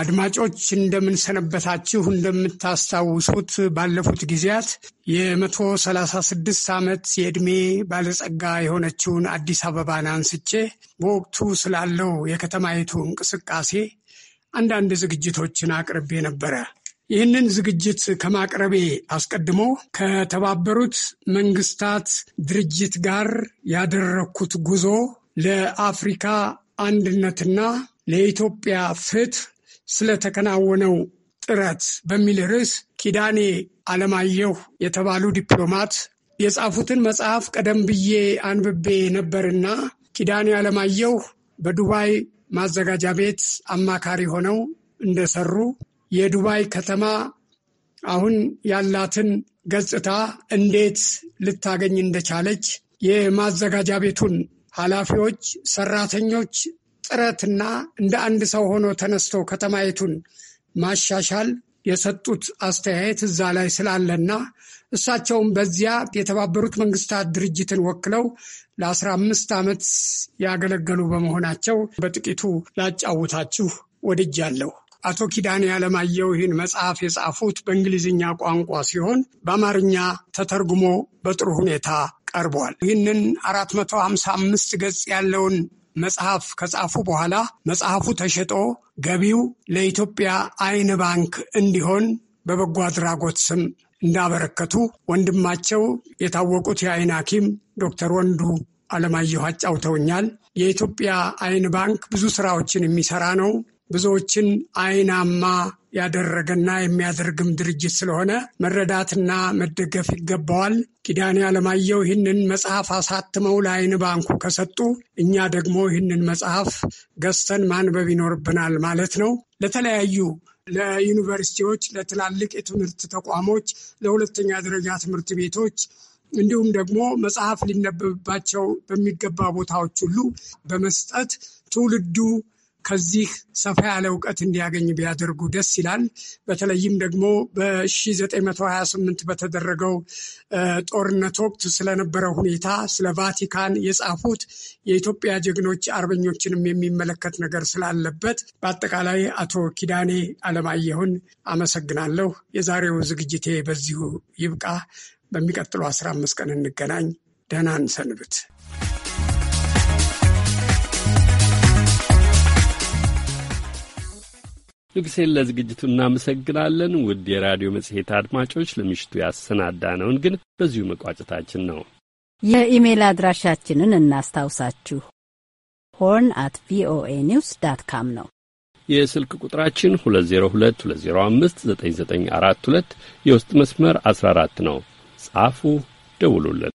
አድማጮች እንደምንሰነበታችሁ። እንደምታስታውሱት ባለፉት ጊዜያት የመቶ ሰላሳ ስድስት ዓመት የዕድሜ ባለጸጋ የሆነችውን አዲስ አበባን አንስቼ በወቅቱ ስላለው የከተማይቱ እንቅስቃሴ አንዳንድ ዝግጅቶችን አቅርቤ ነበረ። ይህንን ዝግጅት ከማቅረቤ አስቀድሞ ከተባበሩት መንግስታት ድርጅት ጋር ያደረግኩት ጉዞ ለአፍሪካ አንድነትና ለኢትዮጵያ ፍትህ ስለተከናወነው ጥረት በሚል ርዕስ ኪዳኔ አለማየሁ የተባሉ ዲፕሎማት የጻፉትን መጽሐፍ ቀደም ብዬ አንብቤ ነበርና ኪዳኔ አለማየሁ በዱባይ ማዘጋጃ ቤት አማካሪ ሆነው እንደሰሩ የዱባይ ከተማ አሁን ያላትን ገጽታ እንዴት ልታገኝ እንደቻለች የማዘጋጃ ቤቱን ኃላፊዎች፣ ሰራተኞች ጥረትና እንደ አንድ ሰው ሆኖ ተነስቶ ከተማይቱን ማሻሻል የሰጡት አስተያየት እዛ ላይ ስላለና እሳቸውም በዚያ የተባበሩት መንግስታት ድርጅትን ወክለው ለ15 ዓመት ያገለገሉ በመሆናቸው በጥቂቱ ላጫውታችሁ ወድጃለሁ። አቶ ኪዳኔ ያለማየው ይህን መጽሐፍ የጻፉት በእንግሊዝኛ ቋንቋ ሲሆን በአማርኛ ተተርጉሞ በጥሩ ሁኔታ ቀርቧል። ይህንን 455 ገጽ ያለውን መጽሐፍ ከጻፉ በኋላ መጽሐፉ ተሸጦ ገቢው ለኢትዮጵያ አይን ባንክ እንዲሆን በበጎ አድራጎት ስም እንዳበረከቱ ወንድማቸው የታወቁት የአይን ሐኪም ዶክተር ወንዱ አለማየሁ አጫውተውኛል። የኢትዮጵያ አይን ባንክ ብዙ ስራዎችን የሚሰራ ነው። ብዙዎችን አይናማ ያደረገና የሚያደርግም ድርጅት ስለሆነ መረዳትና መደገፍ ይገባዋል። ኪዳኔ አለማየሁ ይህንን መጽሐፍ አሳትመው ለአይን ባንኩ ከሰጡ እኛ ደግሞ ይህንን መጽሐፍ ገዝተን ማንበብ ይኖርብናል ማለት ነው። ለተለያዩ ለዩኒቨርሲቲዎች፣ ለትላልቅ የትምህርት ተቋሞች፣ ለሁለተኛ ደረጃ ትምህርት ቤቶች እንዲሁም ደግሞ መጽሐፍ ሊነበብባቸው በሚገባ ቦታዎች ሁሉ በመስጠት ትውልዱ ከዚህ ሰፋ ያለ እውቀት እንዲያገኝ ቢያደርጉ ደስ ይላል። በተለይም ደግሞ በ1928 በተደረገው ጦርነት ወቅት ስለነበረ ሁኔታ ስለ ቫቲካን የጻፉት የኢትዮጵያ ጀግኖች አርበኞችንም የሚመለከት ነገር ስላለበት በአጠቃላይ አቶ ኪዳኔ አለማየሁን አመሰግናለሁ። የዛሬው ዝግጅቴ በዚሁ ይብቃ። በሚቀጥሉ 15 ቀን እንገናኝ። ደህናን ሰንብት። ንጉሴን ለዝግጅቱ እናመሰግናለን። ውድ የራዲዮ መጽሔት አድማጮች ለምሽቱ ያሰናዳነውን ግን በዚሁ መቋጨታችን ነው። የኢሜል አድራሻችንን እናስታውሳችሁ። ሆርን አት ቪኦኤ ኒውስ ዳት ካም ነው። የስልክ ቁጥራችን 2022059942 የውስጥ መስመር 14 ነው። ጻፉ፣ ደውሉልን።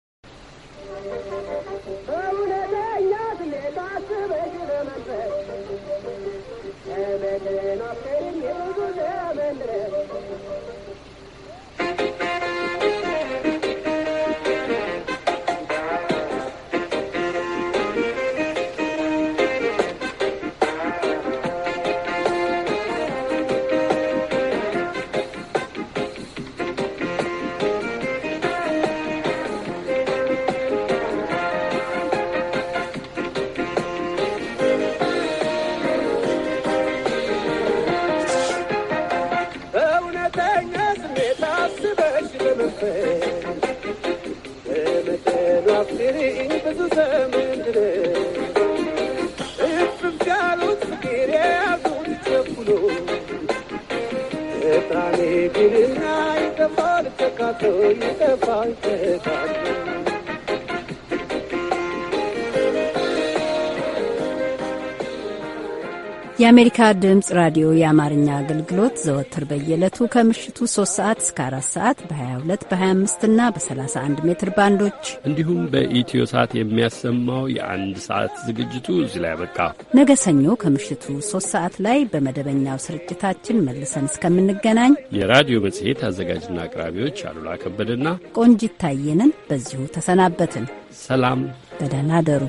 የአሜሪካ ድምፅ ራዲዮ የአማርኛ አገልግሎት ዘወትር በየዕለቱ ከምሽቱ 3 ሰዓት እስከ 4 ሰዓት በ22 በ25 እና በ31 ሜትር ባንዶች እንዲሁም በኢትዮ ሰዓት የሚያሰማው የአንድ ሰዓት ዝግጅቱ እዚህ ላይ ያበቃ። ነገ ሰኞ ከምሽቱ 3 ሰዓት ላይ በመደበኛው ስርጭታችን መልሰን እስከምንገናኝ የራዲዮ መጽሔት አዘጋጅና አቅራቢዎች አሉላ ከበደና ቆንጂት ታየንን በዚሁ ተሰናበትን። ሰላም፣ በደህና አደሩ።